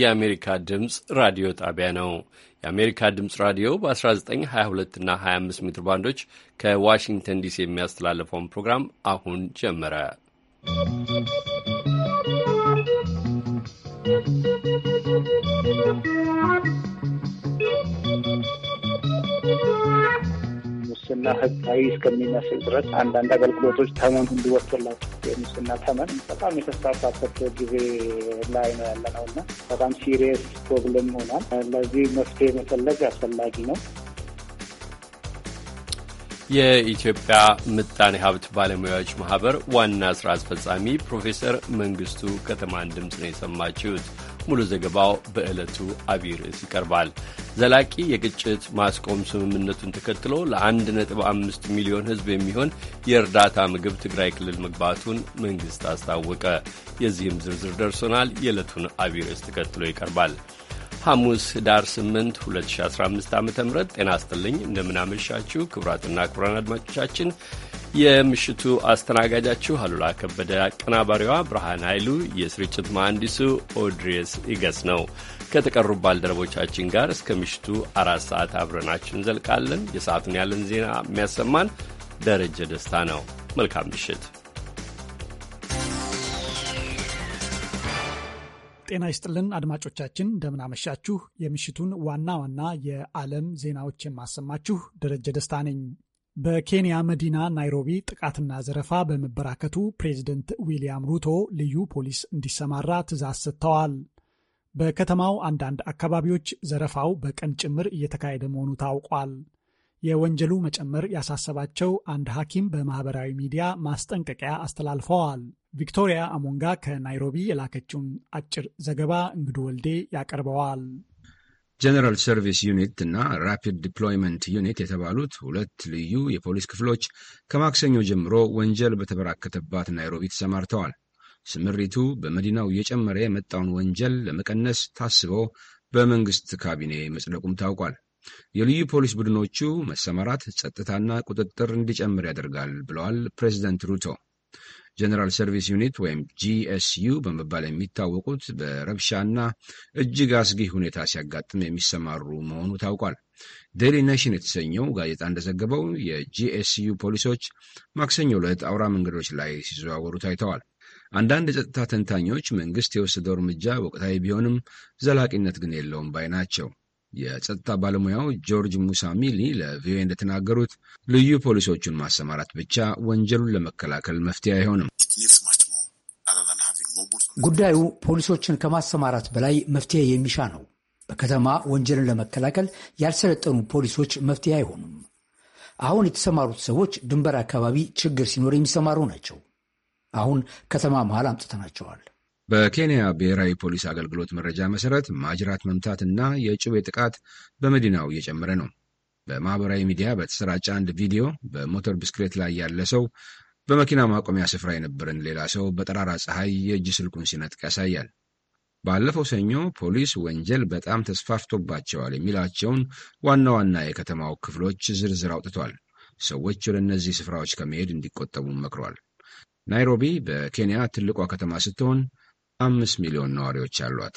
የአሜሪካ ድምፅ ራዲዮ ጣቢያ ነው። የአሜሪካ ድምፅ ራዲዮ በ1922 እና 25 ሜትር ባንዶች ከዋሽንግተን ዲሲ የሚያስተላለፈውን ፕሮግራም አሁን ጀመረ። ሙስና ህጋዊ እስከሚመስል ድረስ አንዳንድ አገልግሎቶች ተመን እንዲወጡላቸው የሙስና ተመን በጣም የተስፋፋበት ጊዜ ላይ ነው ያለ ነው እና በጣም ሲሪየስ ፕሮብለም ሆኗል። ለዚህ መፍትሄ መፈለግ አስፈላጊ ነው። የኢትዮጵያ ምጣኔ ሀብት ባለሙያዎች ማህበር ዋና ስራ አስፈጻሚ ፕሮፌሰር መንግስቱ ከተማን ድምፅ ነው የሰማችሁት። ሙሉ ዘገባው በዕለቱ አብይ ርዕስ ይቀርባል። ዘላቂ የግጭት ማስቆም ስምምነቱን ተከትሎ ለ1.5 ሚሊዮን ሕዝብ የሚሆን የእርዳታ ምግብ ትግራይ ክልል መግባቱን መንግሥት አስታወቀ። የዚህም ዝርዝር ደርሶናል። የዕለቱን አብይ ርዕስ ተከትሎ ይቀርባል። ሐሙስ ህዳር 8 2015 ዓ ም ጤና ይስጥልኝ። እንደምናመሻችሁ ክቡራትና ክቡራን አድማጮቻችን የምሽቱ አስተናጋጃችሁ አሉላ ከበደ፣ አቀናባሪዋ ብርሃን ኃይሉ፣ የስርጭት መሐንዲሱ ኦድሬስ ይገስ ነው። ከተቀሩ ባልደረቦቻችን ጋር እስከ ምሽቱ አራት ሰዓት አብረናችሁ እንዘልቃለን። የሰዓቱን ያለን ዜና የሚያሰማን ደረጀ ደስታ ነው። መልካም ምሽት። ጤና ይስጥልን አድማጮቻችን፣ እንደምናመሻችሁ። የምሽቱን ዋና ዋና የዓለም ዜናዎች የማሰማችሁ ደረጀ ደስታ ነኝ። በኬንያ መዲና ናይሮቢ ጥቃትና ዘረፋ በመበራከቱ ፕሬዚደንት ዊልያም ሩቶ ልዩ ፖሊስ እንዲሰማራ ትዕዛዝ ሰጥተዋል። በከተማው አንዳንድ አካባቢዎች ዘረፋው በቀን ጭምር እየተካሄደ መሆኑ ታውቋል። የወንጀሉ መጨመር ያሳሰባቸው አንድ ሐኪም በማኅበራዊ ሚዲያ ማስጠንቀቂያ አስተላልፈዋል። ቪክቶሪያ አሞንጋ ከናይሮቢ የላከችውን አጭር ዘገባ እንግዱ ወልዴ ያቀርበዋል። ጀነራል ሰርቪስ ዩኒት እና ራፒድ ዲፕሎይመንት ዩኒት የተባሉት ሁለት ልዩ የፖሊስ ክፍሎች ከማክሰኞ ጀምሮ ወንጀል በተበራከተባት ናይሮቢ ተሰማርተዋል። ስምሪቱ በመዲናው እየጨመረ የመጣውን ወንጀል ለመቀነስ ታስቦ በመንግስት ካቢኔ መጽደቁም ታውቋል። የልዩ ፖሊስ ቡድኖቹ መሰማራት ጸጥታና ቁጥጥር እንዲጨምር ያደርጋል ብለዋል ፕሬዚደንት ሩቶ። ጀነራል ሰርቪስ ዩኒት ወይም ጂኤስዩ በመባል የሚታወቁት በረብሻና እጅግ አስጊ ሁኔታ ሲያጋጥም የሚሰማሩ መሆኑ ታውቋል። ዴሊ ኔሽን የተሰኘው ጋዜጣ እንደዘገበው የጂኤስዩ ፖሊሶች ማክሰኞ ዕለት አውራ መንገዶች ላይ ሲዘዋወሩ ታይተዋል። አንዳንድ የጸጥታ ተንታኞች መንግስት የወሰደው እርምጃ ወቅታዊ ቢሆንም ዘላቂነት ግን የለውም ባይ ናቸው። የጸጥታ ባለሙያው ጆርጅ ሙሳሚሊ ለቪኦኤ እንደተናገሩት ልዩ ፖሊሶቹን ማሰማራት ብቻ ወንጀሉን ለመከላከል መፍትሄ አይሆንም። ጉዳዩ ፖሊሶችን ከማሰማራት በላይ መፍትሄ የሚሻ ነው። በከተማ ወንጀልን ለመከላከል ያልሰለጠኑ ፖሊሶች መፍትሄ አይሆኑም። አሁን የተሰማሩት ሰዎች ድንበር አካባቢ ችግር ሲኖር የሚሰማሩ ናቸው። አሁን ከተማ መሃል አምጥተናቸዋል። በኬንያ ብሔራዊ ፖሊስ አገልግሎት መረጃ መሰረት ማጅራት መምታት እና የጩቤ ጥቃት በመዲናው እየጨመረ ነው። በማኅበራዊ ሚዲያ በተሰራጨ አንድ ቪዲዮ በሞተር ብስክሌት ላይ ያለ ሰው በመኪና ማቆሚያ ስፍራ የነበረን ሌላ ሰው በጠራራ ፀሐይ የእጅ ስልኩን ሲነጥቅ ያሳያል። ባለፈው ሰኞ ፖሊስ ወንጀል በጣም ተስፋፍቶባቸዋል የሚላቸውን ዋና ዋና የከተማው ክፍሎች ዝርዝር አውጥቷል። ሰዎች ወደ እነዚህ ስፍራዎች ከመሄድ እንዲቆጠቡ መክሯል። ናይሮቢ በኬንያ ትልቋ ከተማ ስትሆን አምስት ሚሊዮን ነዋሪዎች አሏት።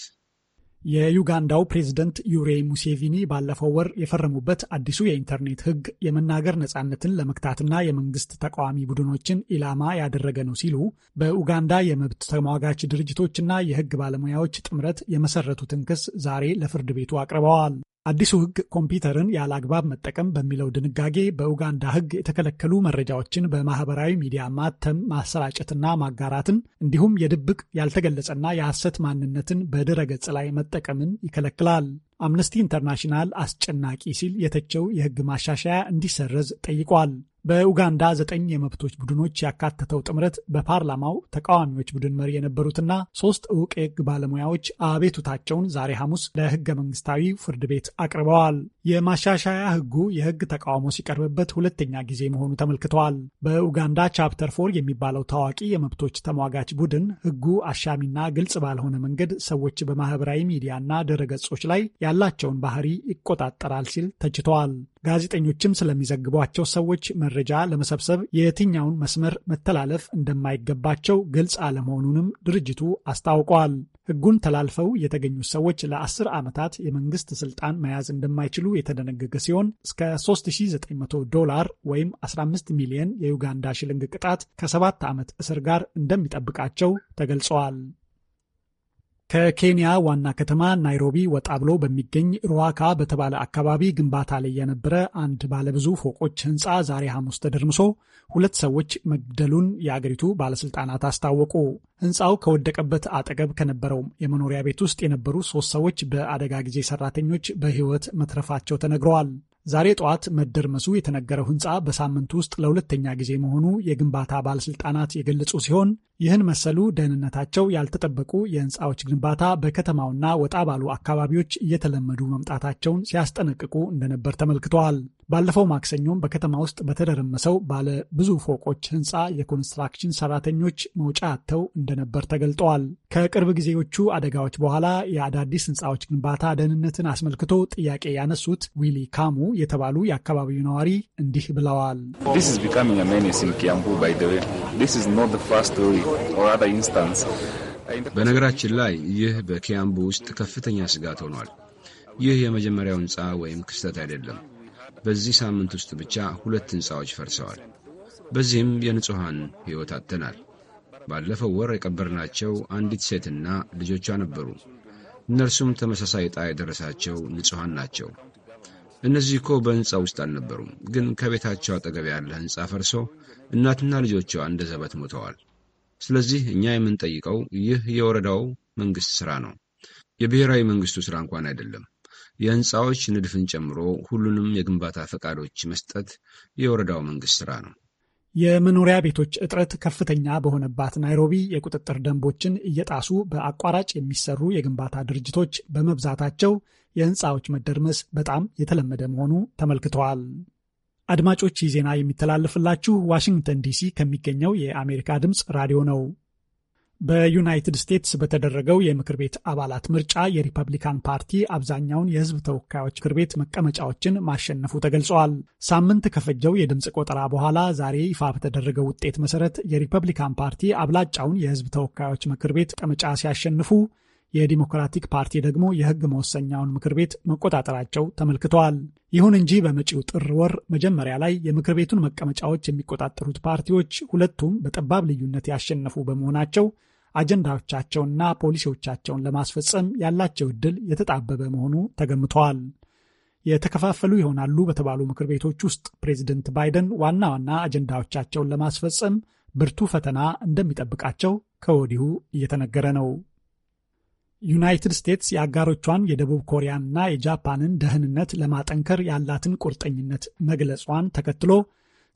የዩጋንዳው ፕሬዝደንት ዩሬ ሙሴቪኒ ባለፈው ወር የፈረሙበት አዲሱ የኢንተርኔት ሕግ የመናገር ነጻነትን ለመግታትና የመንግስት ተቃዋሚ ቡድኖችን ኢላማ ያደረገ ነው ሲሉ በኡጋንዳ የመብት ተሟጋች ድርጅቶችና የሕግ ባለሙያዎች ጥምረት የመሰረቱትን ክስ ዛሬ ለፍርድ ቤቱ አቅርበዋል። አዲሱ ህግ ኮምፒውተርን ያለ አግባብ መጠቀም በሚለው ድንጋጌ በኡጋንዳ ህግ የተከለከሉ መረጃዎችን በማህበራዊ ሚዲያ ማተም፣ ማሰራጨትና ማጋራትን እንዲሁም የድብቅ ያልተገለጸና የሐሰት ማንነትን በድረ ገጽ ላይ መጠቀምን ይከለክላል። አምነስቲ ኢንተርናሽናል አስጨናቂ ሲል የተቸው የሕግ ማሻሻያ እንዲሰረዝ ጠይቋል። በኡጋንዳ ዘጠኝ የመብቶች ቡድኖች ያካተተው ጥምረት በፓርላማው ተቃዋሚዎች ቡድን መሪ የነበሩትና ሶስት እውቅ የሕግ ባለሙያዎች አቤቱታቸውን ዛሬ ሐሙስ ለሕገ መንግስታዊ ፍርድ ቤት አቅርበዋል። የማሻሻያ ሕጉ የሕግ ተቃውሞ ሲቀርብበት ሁለተኛ ጊዜ መሆኑ ተመልክተዋል። በኡጋንዳ ቻፕተር ፎር የሚባለው ታዋቂ የመብቶች ተሟጋች ቡድን ሕጉ አሻሚና ግልጽ ባልሆነ መንገድ ሰዎች በማህበራዊ ሚዲያና ድረገጾች ላይ ያላቸውን ባህሪ ይቆጣጠራል ሲል ተችተዋል። ጋዜጠኞችም ስለሚዘግቧቸው ሰዎች መረጃ ለመሰብሰብ የትኛውን መስመር መተላለፍ እንደማይገባቸው ግልጽ አለመሆኑንም ድርጅቱ አስታውቋል። ሕጉን ተላልፈው የተገኙት ሰዎች ለአስር ዓመታት የመንግስት ስልጣን መያዝ እንደማይችሉ የተደነገገ ሲሆን እስከ 3900 ዶላር ወይም 15 ሚሊዮን የዩጋንዳ ሽልንግ ቅጣት ከሰባት ዓመት እስር ጋር እንደሚጠብቃቸው ተገልጸዋል። ከኬንያ ዋና ከተማ ናይሮቢ ወጣ ብሎ በሚገኝ ሩዋካ በተባለ አካባቢ ግንባታ ላይ የነበረ አንድ ባለብዙ ፎቆች ህንፃ ዛሬ ሐሙስ ተደርምሶ ሁለት ሰዎች መግደሉን የአገሪቱ ባለስልጣናት አስታወቁ። ህንፃው ከወደቀበት አጠገብ ከነበረው የመኖሪያ ቤት ውስጥ የነበሩ ሶስት ሰዎች በአደጋ ጊዜ ሰራተኞች በህይወት መትረፋቸው ተነግረዋል። ዛሬ ጠዋት መደርመሱ የተነገረው ህንፃ በሳምንት ውስጥ ለሁለተኛ ጊዜ መሆኑ የግንባታ ባለስልጣናት የገለጹ ሲሆን ይህን መሰሉ ደህንነታቸው ያልተጠበቁ የህንፃዎች ግንባታ በከተማውና ወጣ ባሉ አካባቢዎች እየተለመዱ መምጣታቸውን ሲያስጠነቅቁ እንደነበር ተመልክተዋል። ባለፈው ማክሰኞም በከተማ ውስጥ በተደረመሰው ባለ ብዙ ፎቆች ህንፃ የኮንስትራክሽን ሰራተኞች መውጫ አጥተው እንደነበር ተገልጠዋል። ከቅርብ ጊዜዎቹ አደጋዎች በኋላ የአዳዲስ ህንፃዎች ግንባታ ደህንነትን አስመልክቶ ጥያቄ ያነሱት ዊሊ ካሙ የተባሉ የአካባቢው ነዋሪ እንዲህ ብለዋል። በነገራችን ላይ ይህ በኪያምቡ ውስጥ ከፍተኛ ስጋት ሆኗል። ይህ የመጀመሪያው ህንፃ ወይም ክስተት አይደለም። በዚህ ሳምንት ውስጥ ብቻ ሁለት ሕንፃዎች ፈርሰዋል። በዚህም የንጹሐን ሕይወት አጥተናል። ባለፈው ወር የቀበርናቸው አንዲት ሴትና ልጆቿ ነበሩ። እነርሱም ተመሳሳይ ዕጣ የደረሳቸው ንጹሐን ናቸው። እነዚህ እኮ በሕንፃ ውስጥ አልነበሩም፣ ግን ከቤታቸው አጠገብ ያለ ሕንፃ ፈርሶ እናትና ልጆቿ እንደ ዘበት ሞተዋል። ስለዚህ እኛ የምንጠይቀው ይህ የወረዳው መንግሥት ሥራ ነው፣ የብሔራዊ መንግሥቱ ሥራ እንኳን አይደለም። የህንፃዎች ንድፍን ጨምሮ ሁሉንም የግንባታ ፈቃዶች መስጠት የወረዳው መንግስት ሥራ ነው። የመኖሪያ ቤቶች እጥረት ከፍተኛ በሆነባት ናይሮቢ የቁጥጥር ደንቦችን እየጣሱ በአቋራጭ የሚሰሩ የግንባታ ድርጅቶች በመብዛታቸው የህንፃዎች መደርመስ በጣም የተለመደ መሆኑ ተመልክተዋል። አድማጮች ይህ ዜና የሚተላለፍላችሁ ዋሽንግተን ዲሲ ከሚገኘው የአሜሪካ ድምፅ ራዲዮ ነው። በዩናይትድ ስቴትስ በተደረገው የምክር ቤት አባላት ምርጫ የሪፐብሊካን ፓርቲ አብዛኛውን የሕዝብ ተወካዮች ምክር ቤት መቀመጫዎችን ማሸነፉ ተገልጸዋል። ሳምንት ከፈጀው የድምፅ ቆጠራ በኋላ ዛሬ ይፋ በተደረገው ውጤት መሰረት የሪፐብሊካን ፓርቲ አብላጫውን የሕዝብ ተወካዮች ምክር ቤት መቀመጫ ሲያሸንፉ፣ የዲሞክራቲክ ፓርቲ ደግሞ የሕግ መወሰኛውን ምክር ቤት መቆጣጠራቸው ተመልክተዋል። ይሁን እንጂ በመጪው ጥር ወር መጀመሪያ ላይ የምክር ቤቱን መቀመጫዎች የሚቆጣጠሩት ፓርቲዎች ሁለቱም በጠባብ ልዩነት ያሸነፉ በመሆናቸው አጀንዳዎቻቸውንና ፖሊሲዎቻቸውን ለማስፈጸም ያላቸው እድል የተጣበበ መሆኑ ተገምተዋል። የተከፋፈሉ ይሆናሉ በተባሉ ምክር ቤቶች ውስጥ ፕሬዚደንት ባይደን ዋና ዋና አጀንዳዎቻቸውን ለማስፈጸም ብርቱ ፈተና እንደሚጠብቃቸው ከወዲሁ እየተነገረ ነው። ዩናይትድ ስቴትስ የአጋሮቿን የደቡብ ኮሪያንና የጃፓንን ደህንነት ለማጠንከር ያላትን ቁርጠኝነት መግለጿን ተከትሎ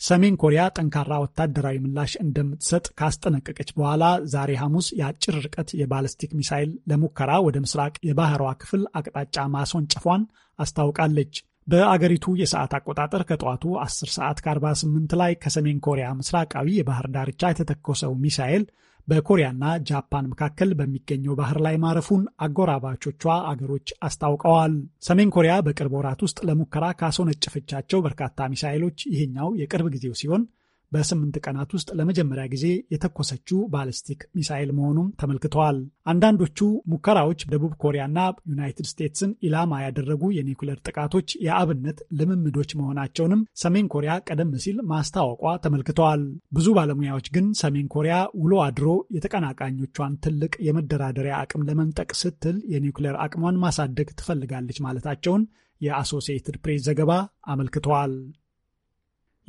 ሰሜን ኮሪያ ጠንካራ ወታደራዊ ምላሽ እንደምትሰጥ ካስጠነቀቀች በኋላ ዛሬ ሐሙስ የአጭር ርቀት የባለስቲክ ሚሳይል ለሙከራ ወደ ምስራቅ የባህሯ ክፍል አቅጣጫ ማስወንጨፏን አስታውቃለች። በአገሪቱ የሰዓት አቆጣጠር ከጠዋቱ 10 ሰዓት ከ48 ላይ ከሰሜን ኮሪያ ምስራቃዊ የባህር ዳርቻ የተተኮሰው ሚሳይል በኮሪያና ጃፓን መካከል በሚገኘው ባህር ላይ ማረፉን አጎራባቾቿ አገሮች አስታውቀዋል። ሰሜን ኮሪያ በቅርብ ወራት ውስጥ ለሙከራ ካስወነጨፈቻቸው በርካታ ሚሳይሎች ይህኛው የቅርብ ጊዜው ሲሆን በስምንት ቀናት ውስጥ ለመጀመሪያ ጊዜ የተኮሰችው ባለስቲክ ሚሳይል መሆኑም ተመልክተዋል። አንዳንዶቹ ሙከራዎች ደቡብ ኮሪያና ዩናይትድ ስቴትስን ኢላማ ያደረጉ የኒውክለር ጥቃቶች የአብነት ልምምዶች መሆናቸውንም ሰሜን ኮሪያ ቀደም ሲል ማስታወቋ ተመልክተዋል። ብዙ ባለሙያዎች ግን ሰሜን ኮሪያ ውሎ አድሮ የተቀናቃኞቿን ትልቅ የመደራደሪያ አቅም ለመንጠቅ ስትል የኒውክለር አቅሟን ማሳደግ ትፈልጋለች ማለታቸውን የአሶሲኤትድ ፕሬስ ዘገባ አመልክተዋል።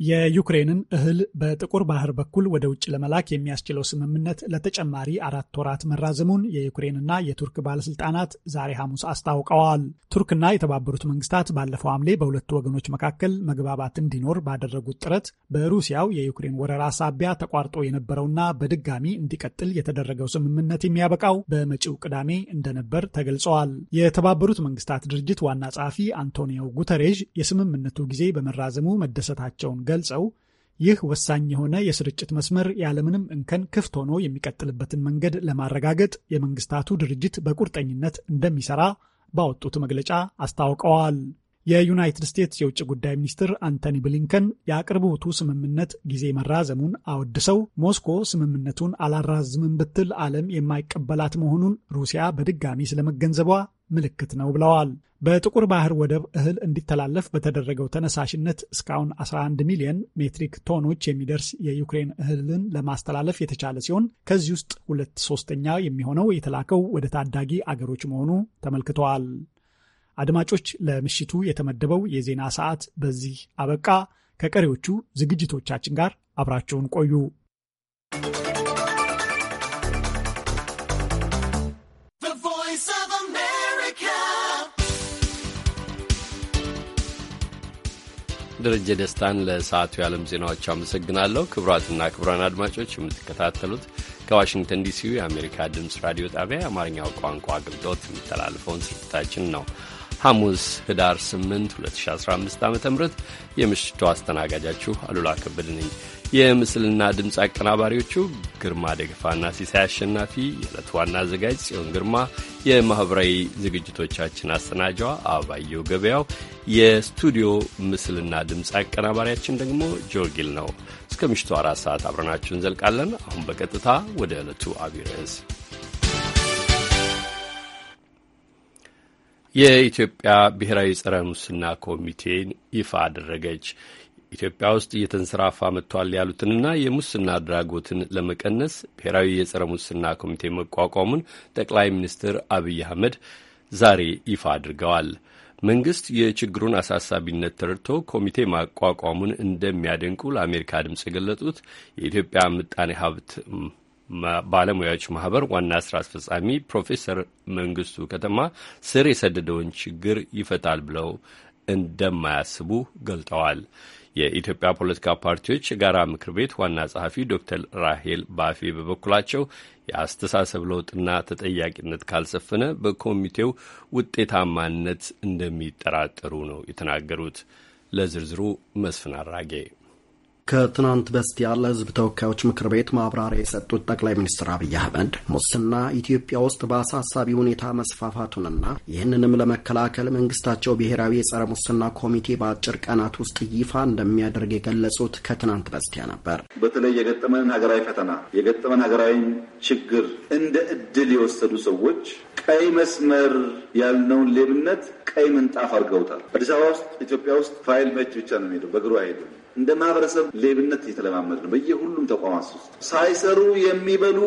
የዩክሬንን እህል በጥቁር ባህር በኩል ወደ ውጭ ለመላክ የሚያስችለው ስምምነት ለተጨማሪ አራት ወራት መራዘሙን የዩክሬንና የቱርክ ባለስልጣናት ዛሬ ሐሙስ አስታውቀዋል። ቱርክና የተባበሩት መንግስታት ባለፈው ሐምሌ በሁለቱ ወገኖች መካከል መግባባት እንዲኖር ባደረጉት ጥረት በሩሲያው የዩክሬን ወረራ ሳቢያ ተቋርጦ የነበረውና በድጋሚ እንዲቀጥል የተደረገው ስምምነት የሚያበቃው በመጪው ቅዳሜ እንደነበር ተገልጸዋል። የተባበሩት መንግስታት ድርጅት ዋና ጸሐፊ አንቶኒዮ ጉተሬዥ የስምምነቱ ጊዜ በመራዘሙ መደሰታቸውን ገልጸው ይህ ወሳኝ የሆነ የስርጭት መስመር ያለምንም እንከን ክፍት ሆኖ የሚቀጥልበትን መንገድ ለማረጋገጥ የመንግስታቱ ድርጅት በቁርጠኝነት እንደሚሰራ ባወጡት መግለጫ አስታውቀዋል። የዩናይትድ ስቴትስ የውጭ ጉዳይ ሚኒስትር አንቶኒ ብሊንከን የአቅርቦቱ ስምምነት ጊዜ መራዘሙን አወድሰው ሞስኮ ስምምነቱን አላራዝምም ብትል ዓለም የማይቀበላት መሆኑን ሩሲያ በድጋሚ ስለመገንዘቧ ምልክት ነው ብለዋል። በጥቁር ባህር ወደብ እህል እንዲተላለፍ በተደረገው ተነሳሽነት እስካሁን 11 ሚሊዮን ሜትሪክ ቶኖች የሚደርስ የዩክሬን እህልን ለማስተላለፍ የተቻለ ሲሆን ከዚህ ውስጥ ሁለት ሶስተኛ የሚሆነው የተላከው ወደ ታዳጊ አገሮች መሆኑ ተመልክተዋል። አድማጮች፣ ለምሽቱ የተመደበው የዜና ሰዓት በዚህ አበቃ። ከቀሪዎቹ ዝግጅቶቻችን ጋር አብራችሁን ቆዩ። ደረጀ ደስታን ለሰዓቱ የዓለም ዜናዎች አመሰግናለሁ። ክቡራትና ክቡራን አድማጮች የምትከታተሉት ከዋሽንግተን ዲሲ የአሜሪካ ድምፅ ራዲዮ ጣቢያ የአማርኛው ቋንቋ አገልግሎት የሚተላለፈውን ስርጭታችን ነው። ሐሙስ ህዳር 8 2015 ዓ ም የምሽቱ አስተናጋጃችሁ አሉላ ከበደ ነኝ። የምስልና ድምፅ አቀናባሪዎቹ ግርማ ደግፋና ሲሳይ አሸናፊ፣ የዕለት ዋና አዘጋጅ ጽዮን ግርማ፣ የማኅበራዊ ዝግጅቶቻችን አሰናጇ አባየው ገበያው፣ የስቱዲዮ ምስልና ድምፅ አቀናባሪያችን ደግሞ ጆርጊል ነው። እስከ ምሽቱ አራት ሰዓት አብረናችሁ እንዘልቃለን። አሁን በቀጥታ ወደ ዕለቱ አቢይ ርዕስ የኢትዮጵያ ብሔራዊ ጸረ ሙስና ኮሚቴን ይፋ አደረገች። ኢትዮጵያ ውስጥ እየተንሰራፋ መጥቷል ያሉትንና የሙስና አድራጎትን ለመቀነስ ብሔራዊ የጸረ ሙስና ኮሚቴ መቋቋሙን ጠቅላይ ሚኒስትር አብይ አህመድ ዛሬ ይፋ አድርገዋል። መንግስት የችግሩን አሳሳቢነት ተረድቶ ኮሚቴ ማቋቋሙን እንደሚያደንቁ ለአሜሪካ ድምፅ የገለጡት የኢትዮጵያ ምጣኔ ሀብት ባለሙያዎች ማህበር ዋና ስራ አስፈጻሚ ፕሮፌሰር መንግስቱ ከተማ ስር የሰደደውን ችግር ይፈታል ብለው እንደማያስቡ ገልጠዋል። የኢትዮጵያ ፖለቲካ ፓርቲዎች የጋራ ምክር ቤት ዋና ጸሐፊ ዶክተር ራሄል ባፌ በበኩላቸው የአስተሳሰብ ለውጥና ተጠያቂነት ካልሰፈነ በኮሚቴው ውጤታማነት እንደሚጠራጠሩ ነው የተናገሩት። ለዝርዝሩ መስፍን አራጌ ከትናንት በስቲያ ህዝብ ተወካዮች ምክር ቤት ማብራሪያ የሰጡት ጠቅላይ ሚኒስትር አብይ አህመድ ሙስና ኢትዮጵያ ውስጥ በአሳሳቢ ሁኔታ መስፋፋቱንና ይህንንም ለመከላከል መንግስታቸው ብሔራዊ የጸረ ሙስና ኮሚቴ በአጭር ቀናት ውስጥ ይፋ እንደሚያደርግ የገለጹት ከትናንት በስቲያ ነበር። በተለይ የገጠመን ሀገራዊ ፈተና የገጠመን ሀገራዊ ችግር እንደ እድል የወሰዱ ሰዎች ቀይ መስመር ያልነውን ሌብነት ቀይ ምንጣፍ አድርገውታል። አዲስ አበባ ውስጥ ኢትዮጵያ ውስጥ ፋይል መች ብቻ ነው የሚሄደው፣ በእግሩ አይሄድም። እንደ ማህበረሰብ ሌብነት የተለማመድ ነው። በየሁሉም ተቋማት ውስጥ ሳይሰሩ የሚበሉ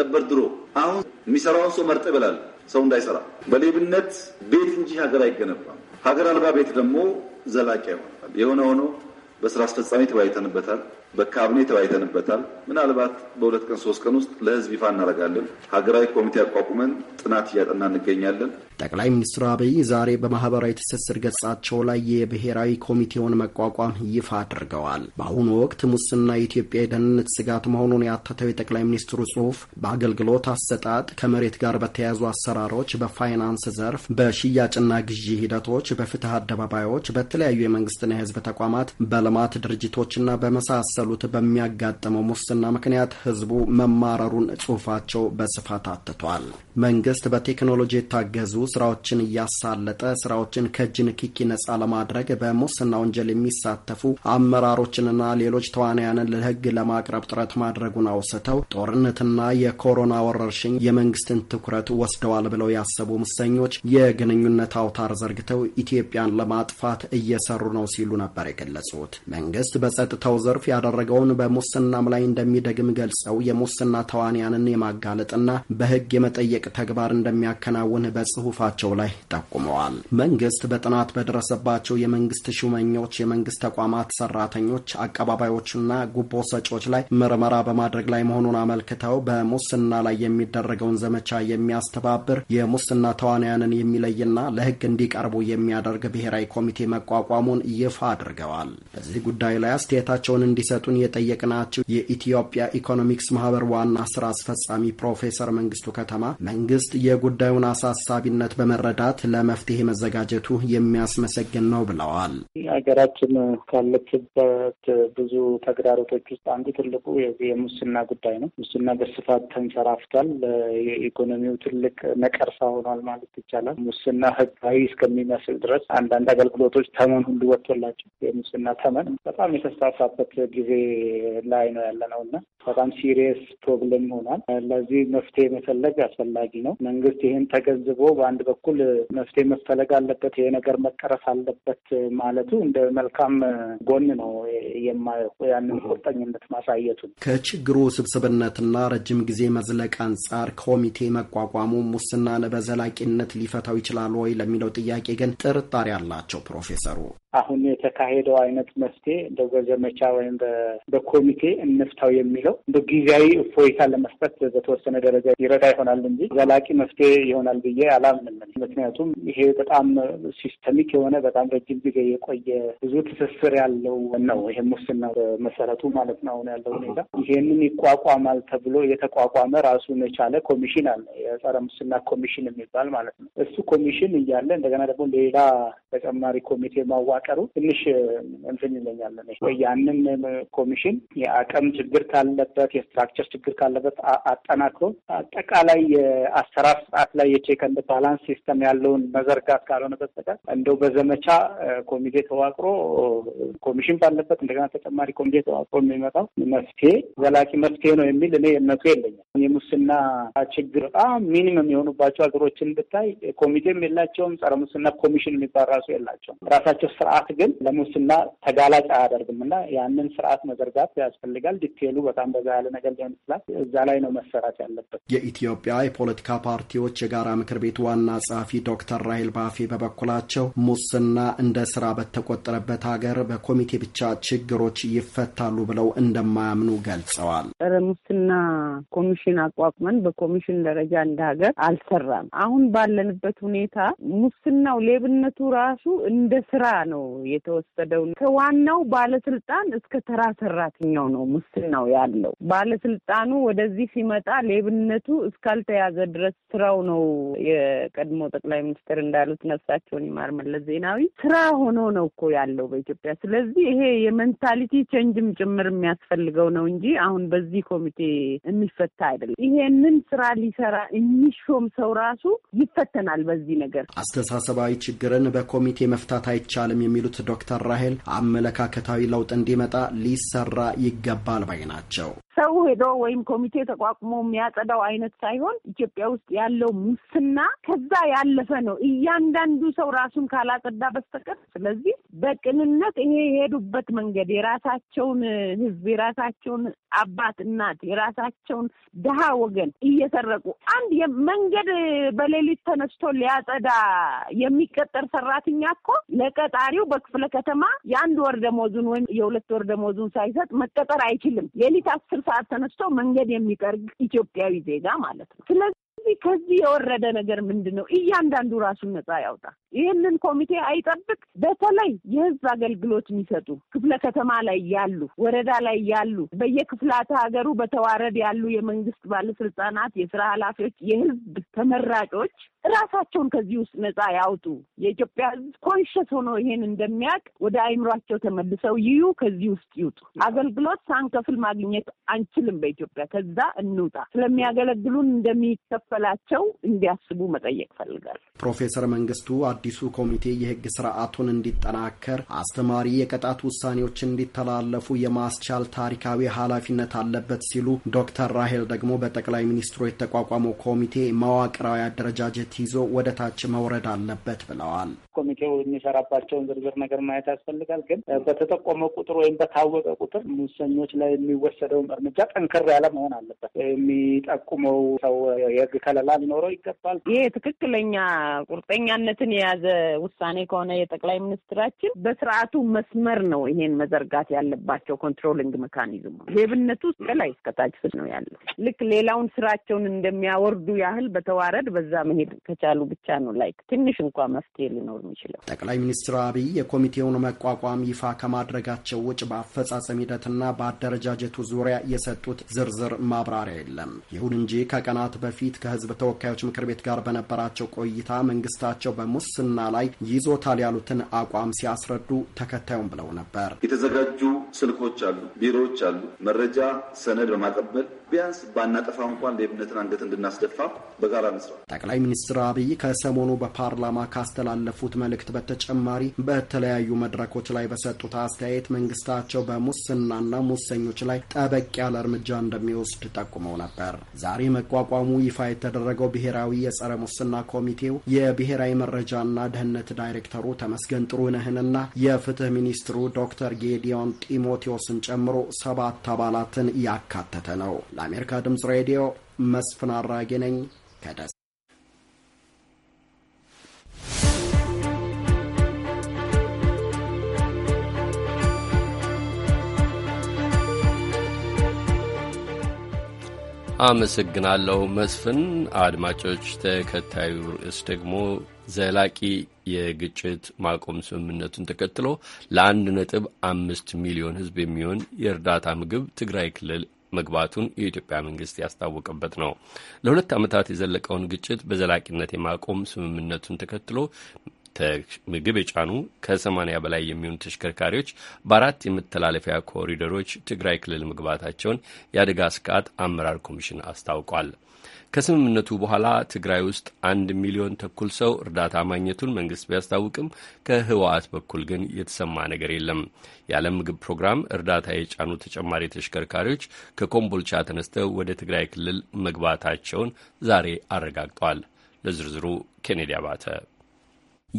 ነበር ድሮ። አሁን የሚሰራውን ሰው መርጠ ይበላል። ሰው እንዳይሰራ በሌብነት ቤት እንጂ ሀገር አይገነባም። ሀገር አልባ ቤት ደግሞ ዘላቂ ይሆናል። የሆነ ሆኖ በስራ አስፈጻሚ ተወያይተንበታል። በካቢኔ ተወያይተንበታል። ምናልባት በሁለት ቀን ሶስት ቀን ውስጥ ለህዝብ ይፋ እናደርጋለን። ሀገራዊ ኮሚቴ አቋቁመን ጥናት እያጠና እንገኛለን። ጠቅላይ ሚኒስትር አብይ ዛሬ በማህበራዊ ትስስር ገጻቸው ላይ የብሔራዊ ኮሚቴውን መቋቋም ይፋ አድርገዋል። በአሁኑ ወቅት ሙስና የኢትዮጵያ የደህንነት ስጋት መሆኑን ያተተው የጠቅላይ ሚኒስትሩ ጽሁፍ በአገልግሎት አሰጣጥ ከመሬት ጋር በተያያዙ አሰራሮች፣ በፋይናንስ ዘርፍ፣ በሽያጭና ግዢ ሂደቶች፣ በፍትህ አደባባዮች፣ በተለያዩ የመንግስትና የህዝብ ተቋማት፣ በልማት ድርጅቶችና በመሳሰ በመሰሉት በሚያጋጥመው ሙስና ምክንያት ህዝቡ መማረሩን ጽሑፋቸው በስፋት አትቷል። መንግስት በቴክኖሎጂ የታገዙ ስራዎችን እያሳለጠ ስራዎችን ከእጅ ንክኪ ነጻ ለማድረግ በሙስና ወንጀል የሚሳተፉ አመራሮችንና ሌሎች ተዋናያንን ለህግ ለማቅረብ ጥረት ማድረጉን አውስተው ጦርነትና የኮሮና ወረርሽኝ የመንግስትን ትኩረት ወስደዋል ብለው ያሰቡ ሙሰኞች የግንኙነት አውታር ዘርግተው ኢትዮጵያን ለማጥፋት እየሰሩ ነው ሲሉ ነበር የገለጹት። መንግስት በጸጥታው ዘርፍ ያደ ያደረገውን በሙስናም ላይ እንደሚደግም ገልጸው የሙስና ተዋንያንን የማጋለጥና በህግ የመጠየቅ ተግባር እንደሚያከናውን በጽሁፋቸው ላይ ጠቁመዋል። መንግስት በጥናት በደረሰባቸው የመንግስት ሹመኞች፣ የመንግስት ተቋማት ሰራተኞች፣ አቀባባዮችና ጉቦ ሰጪዎች ላይ ምርመራ በማድረግ ላይ መሆኑን አመልክተው በሙስና ላይ የሚደረገውን ዘመቻ የሚያስተባብር የሙስና ተዋንያንን የሚለይና ለህግ እንዲቀርቡ የሚያደርግ ብሔራዊ ኮሚቴ መቋቋሙን ይፋ አድርገዋል። በዚህ ጉዳይ ላይ አስተያየታቸውን እንዲሰ እንዲሰጡን የጠየቅናቸው የኢትዮጵያ ኢኮኖሚክስ ማህበር ዋና ስራ አስፈጻሚ ፕሮፌሰር መንግስቱ ከተማ መንግስት የጉዳዩን አሳሳቢነት በመረዳት ለመፍትሄ መዘጋጀቱ የሚያስመሰግን ነው ብለዋል። ሀገራችን ካለችበት ብዙ ተግዳሮቶች ውስጥ አንዱ ትልቁ የሙስና ጉዳይ ነው። ሙስና በስፋት ተንሰራፍቷል። የኢኮኖሚው ትልቅ ነቀርሳ ሆኗል ማለት ይቻላል። ሙስና ህጋዊ እስከሚመስል ድረስ አንዳንድ አገልግሎቶች ተመን ሁሉ ወጥቶላቸው የሙስና ተመን በጣም የተስፋፋበት ጊዜ ጊዜ ላይ ነው ነው እና በጣም ሲሪየስ ፕሮብለም ይሆናል። ለዚህ መፍትሄ መፈለግ አስፈላጊ ነው። መንግስት ይህን ተገንዝቦ በአንድ በኩል መፍትሄ መፈለግ አለበት፣ ይሄ ነገር መቀረፍ አለበት ማለቱ እንደ መልካም ጎን ነው የማየው፣ ያንን ቁርጠኝነት ማሳየቱ። ከችግሩ ስብስብነትና ረጅም ጊዜ መዝለቅ አንጻር ኮሚቴ መቋቋሙ ሙስናን በዘላቂነት ሊፈታው ይችላል ወይ ለሚለው ጥያቄ ግን ጥርጣሬ አላቸው ፕሮፌሰሩ። አሁን የተካሄደው አይነት መፍትሄ እንደ በዘመቻ ወይም በኮሚቴ እንፍታው የሚለው እንደ ጊዜያዊ እፎይታ ለመስጠት በተወሰነ ደረጃ ይረዳ ይሆናል እንጂ ዘላቂ መፍትሄ ይሆናል ብዬ አላምንም። ምክንያቱም ይሄ በጣም ሲስተሚክ የሆነ በጣም ረጅም ጊዜ የቆየ ብዙ ትስስር ያለው ነው። ይሄ ሙስና መሰረቱ ማለት ነው። አሁን ያለው ሁኔታ ይሄንን ይቋቋማል ተብሎ የተቋቋመ ራሱን የቻለ ኮሚሽን አለ፣ የጸረ ሙስና ኮሚሽን የሚባል ማለት ነው። እሱ ኮሚሽን እያለ እንደገና ደግሞ ሌላ ተጨማሪ ኮሚቴ ማዋ መዋቀሩ ትንሽ እንትን ይለኛል። ያንን ኮሚሽን የአቅም ችግር ካለበት የስትራክቸር ችግር ካለበት አጠናክሮ አጠቃላይ የአሰራር ስርዓት ላይ የቼክ ኤንድ ባላንስ ሲስተም ያለውን መዘርጋት ካልሆነ በስተቀር እንደው በዘመቻ ኮሚቴ ተዋቅሮ ኮሚሽን ባለበት እንደገና ተጨማሪ ኮሚቴ ተዋቅሮ የሚመጣው መፍትሄ ዘላቂ መፍትሄ ነው የሚል እኔ እምነቱ የለኝም። የሙስና ችግር በጣም ሚኒመም የሆኑባቸው ሀገሮችን ብታይ ኮሚቴም የላቸውም። ጸረ ሙስና ኮሚሽን የሚባል ራሱ የላቸውም። ራሳቸው ስርዓት ግን ለሙስና ተጋላጭ አያደርግም እና ያንን ስርዓት መዘርጋት ያስፈልጋል። ዲቴሉ በጣም በዛ ያለ ነገር ሊሆን ይችላል። እዛ ላይ ነው መሰራት ያለበት። የኢትዮጵያ የፖለቲካ ፓርቲዎች የጋራ ምክር ቤት ዋና ጸሐፊ ዶክተር ራሂል ባፌ በበኩላቸው ሙስና እንደ ስራ በተቆጠረበት ሀገር በኮሚቴ ብቻ ችግሮች ይፈታሉ ብለው እንደማያምኑ ገልጸዋል። ጸረ ሙስና ኮሚሽን አቋቁመን በኮሚሽን ደረጃ እንደ ሀገር አልሰራም። አሁን ባለንበት ሁኔታ ሙስናው ሌብነቱ ራሱ እንደ ስራ ነው ነው የተወሰደው። ከዋናው ባለስልጣን እስከ ተራ ሰራተኛው ነው ሙስናው ያለው። ባለስልጣኑ ወደዚህ ሲመጣ ሌብነቱ እስካልተያዘ ድረስ ስራው ነው። የቀድሞ ጠቅላይ ሚኒስትር እንዳሉት ነፍሳቸውን ይማር መለስ ዜናዊ ስራ ሆኖ ነው እኮ ያለው በኢትዮጵያ። ስለዚህ ይሄ የሜንታሊቲ ቼንጅም ጭምር የሚያስፈልገው ነው እንጂ አሁን በዚህ ኮሚቴ የሚፈታ አይደለም። ይሄንን ስራ ሊሰራ የሚሾም ሰው ራሱ ይፈተናል በዚህ ነገር። አስተሳሰባዊ ችግርን በኮሚቴ መፍታት አይቻልም የሚሉት ዶክተር ራሄል አመለካከታዊ ለውጥ እንዲመጣ ሊሰራ ይገባል ባይ ናቸው። ሰው ሄዶ ወይም ኮሚቴ ተቋቁሞ የሚያጸዳው አይነት ሳይሆን ኢትዮጵያ ውስጥ ያለው ሙስና ከዛ ያለፈ ነው፣ እያንዳንዱ ሰው ራሱን ካላጸዳ በስተቀር። ስለዚህ በቅንነት ይሄ የሄዱበት መንገድ የራሳቸውን ሕዝብ የራሳቸውን አባት እናት፣ የራሳቸውን ድሃ ወገን እየሰረቁ አንድ መንገድ በሌሊት ተነስቶ ሊያጸዳ የሚቀጠር ሰራተኛ እኮ ለቀጣሪ ተቀጣሪው በክፍለ ከተማ የአንድ ወር ደሞዙን ወይም የሁለት ወር ደሞዙን ሳይሰጥ መቀጠር አይችልም። ሌሊት አስር ሰዓት ተነስቶ መንገድ የሚጠርግ ኢትዮጵያዊ ዜጋ ማለት ነው። ስለዚህ ከዚህ የወረደ ነገር ምንድን ነው? እያንዳንዱ ራሱን ነጻ ያውጣ። ይህንን ኮሚቴ አይጠብቅ። በተለይ የህዝብ አገልግሎት የሚሰጡ ክፍለ ከተማ ላይ ያሉ፣ ወረዳ ላይ ያሉ፣ በየክፍላተ ሀገሩ በተዋረድ ያሉ የመንግስት ባለስልጣናት፣ የስራ ኃላፊዎች፣ የህዝብ ተመራጮች ራሳቸውን ከዚህ ውስጥ ነፃ ያውጡ። የኢትዮጵያ ህዝብ ኮንሸስ ሆኖ ይሄን እንደሚያውቅ ወደ አይምሯቸው ተመልሰው ይዩ፣ ከዚህ ውስጥ ይውጡ። አገልግሎት ሳንከፍል ማግኘት አንችልም በኢትዮጵያ። ከዛ እንውጣ። ስለሚያገለግሉን እንደሚከፈላቸው እንዲያስቡ መጠየቅ ፈልጋል። ፕሮፌሰር መንግስቱ አዲሱ ኮሚቴ የህግ ስርዓቱን እንዲጠናከር አስተማሪ የቅጣት ውሳኔዎች እንዲተላለፉ የማስቻል ታሪካዊ ኃላፊነት አለበት ሲሉ ዶክተር ራሄል ደግሞ በጠቅላይ ሚኒስትሩ የተቋቋመው ኮሚቴ መዋቅራዊ አደረጃጀት ይዞ ወደ ታች መውረድ አለበት ብለዋል። ኮሚቴው የሚሰራባቸውን ዝርዝር ነገር ማየት ያስፈልጋል። ግን በተጠቆመ ቁጥር ወይም በታወቀ ቁጥር ሙሰኞች ላይ የሚወሰደውም እርምጃ ጠንከር ያለ መሆን አለበት። የሚጠቁመው ሰው የህግ ከለላ ሊኖረው ይገባል። ይሄ ትክክለኛ ቁርጠኛነትን የያዘ ውሳኔ ከሆነ የጠቅላይ ሚኒስትራችን በስርዓቱ መስመር ነው ይሄን መዘርጋት ያለባቸው። ኮንትሮሊንግ ሜካኒዝሙ ሄብነቱ ከላይ እስከታች ነው ያለው። ልክ ሌላውን ስራቸውን እንደሚያወርዱ ያህል በተዋረድ በዛ መሄድ ከቻሉ ብቻ ነው ላይክ ትንሽ እንኳ መፍትሄ ሊኖር የሚችለው። ጠቅላይ ሚኒስትር አብይ የኮሚቴውን መቋቋም ይፋ ከማድረጋቸው ውጭ በአፈጻጸም ሂደትና በአደረጃጀቱ ዙሪያ የሰጡት ዝርዝር ማብራሪያ የለም። ይሁን እንጂ ከቀናት በፊት ከህዝብ ተወካዮች ምክር ቤት ጋር በነበራቸው ቆይታ መንግስታቸው በሙስ ሙስና ላይ ይዞታል ያሉትን አቋም ሲያስረዱ ተከታዩም ብለው ነበር። የተዘጋጁ ስልኮች አሉ፣ ቢሮዎች አሉ። መረጃ ሰነድ በማቀበል ቢያንስ ባናጠፋ እንኳን ሌብነትን አንገት እንድናስደፋ በጋራ እንስራ። ጠቅላይ ሚኒስትር አብይ ከሰሞኑ በፓርላማ ካስተላለፉት መልእክት በተጨማሪ በተለያዩ መድረኮች ላይ በሰጡት አስተያየት መንግስታቸው በሙስናና ሙሰኞች ላይ ጠበቅ ያለ እርምጃ እንደሚወስድ ጠቁመው ነበር። ዛሬ መቋቋሙ ይፋ የተደረገው ብሔራዊ የጸረ ሙስና ኮሚቴው የብሔራዊ መረጃና ደህንነት ዳይሬክተሩ ተመስገን ጥሩነህንና የፍትህ ሚኒስትሩ ዶክተር ጌዲዮን ጢሞቴዎስን ጨምሮ ሰባት አባላትን ያካተተ ነው። ለአሜሪካ ድምፅ ሬዲዮ መስፍን አራጌ ነኝ ከደስ አመሰግናለሁ መስፍን። አድማጮች፣ ተከታዩ ርዕስ ደግሞ ዘላቂ የግጭት ማቆም ስምምነቱን ተከትሎ ለአንድ ነጥብ አምስት ሚሊዮን ሕዝብ የሚሆን የእርዳታ ምግብ ትግራይ ክልል መግባቱን የኢትዮጵያ መንግስት ያስታወቀበት ነው። ለሁለት ዓመታት የዘለቀውን ግጭት በዘላቂነት የማቆም ስምምነቱን ተከትሎ ምግብ የጫኑ ከ80 በላይ የሚሆኑ ተሽከርካሪዎች በአራት የመተላለፊያ ኮሪደሮች ትግራይ ክልል መግባታቸውን የአደጋ ስጋት አመራር ኮሚሽን አስታውቋል። ከስምምነቱ በኋላ ትግራይ ውስጥ አንድ ሚሊዮን ተኩል ሰው እርዳታ ማግኘቱን መንግስት ቢያስታውቅም ከህወሓት በኩል ግን የተሰማ ነገር የለም። የዓለም ምግብ ፕሮግራም እርዳታ የጫኑ ተጨማሪ ተሽከርካሪዎች ከኮምቦልቻ ተነስተው ወደ ትግራይ ክልል መግባታቸውን ዛሬ አረጋግጠዋል። ለዝርዝሩ ኬኔዲ አባተ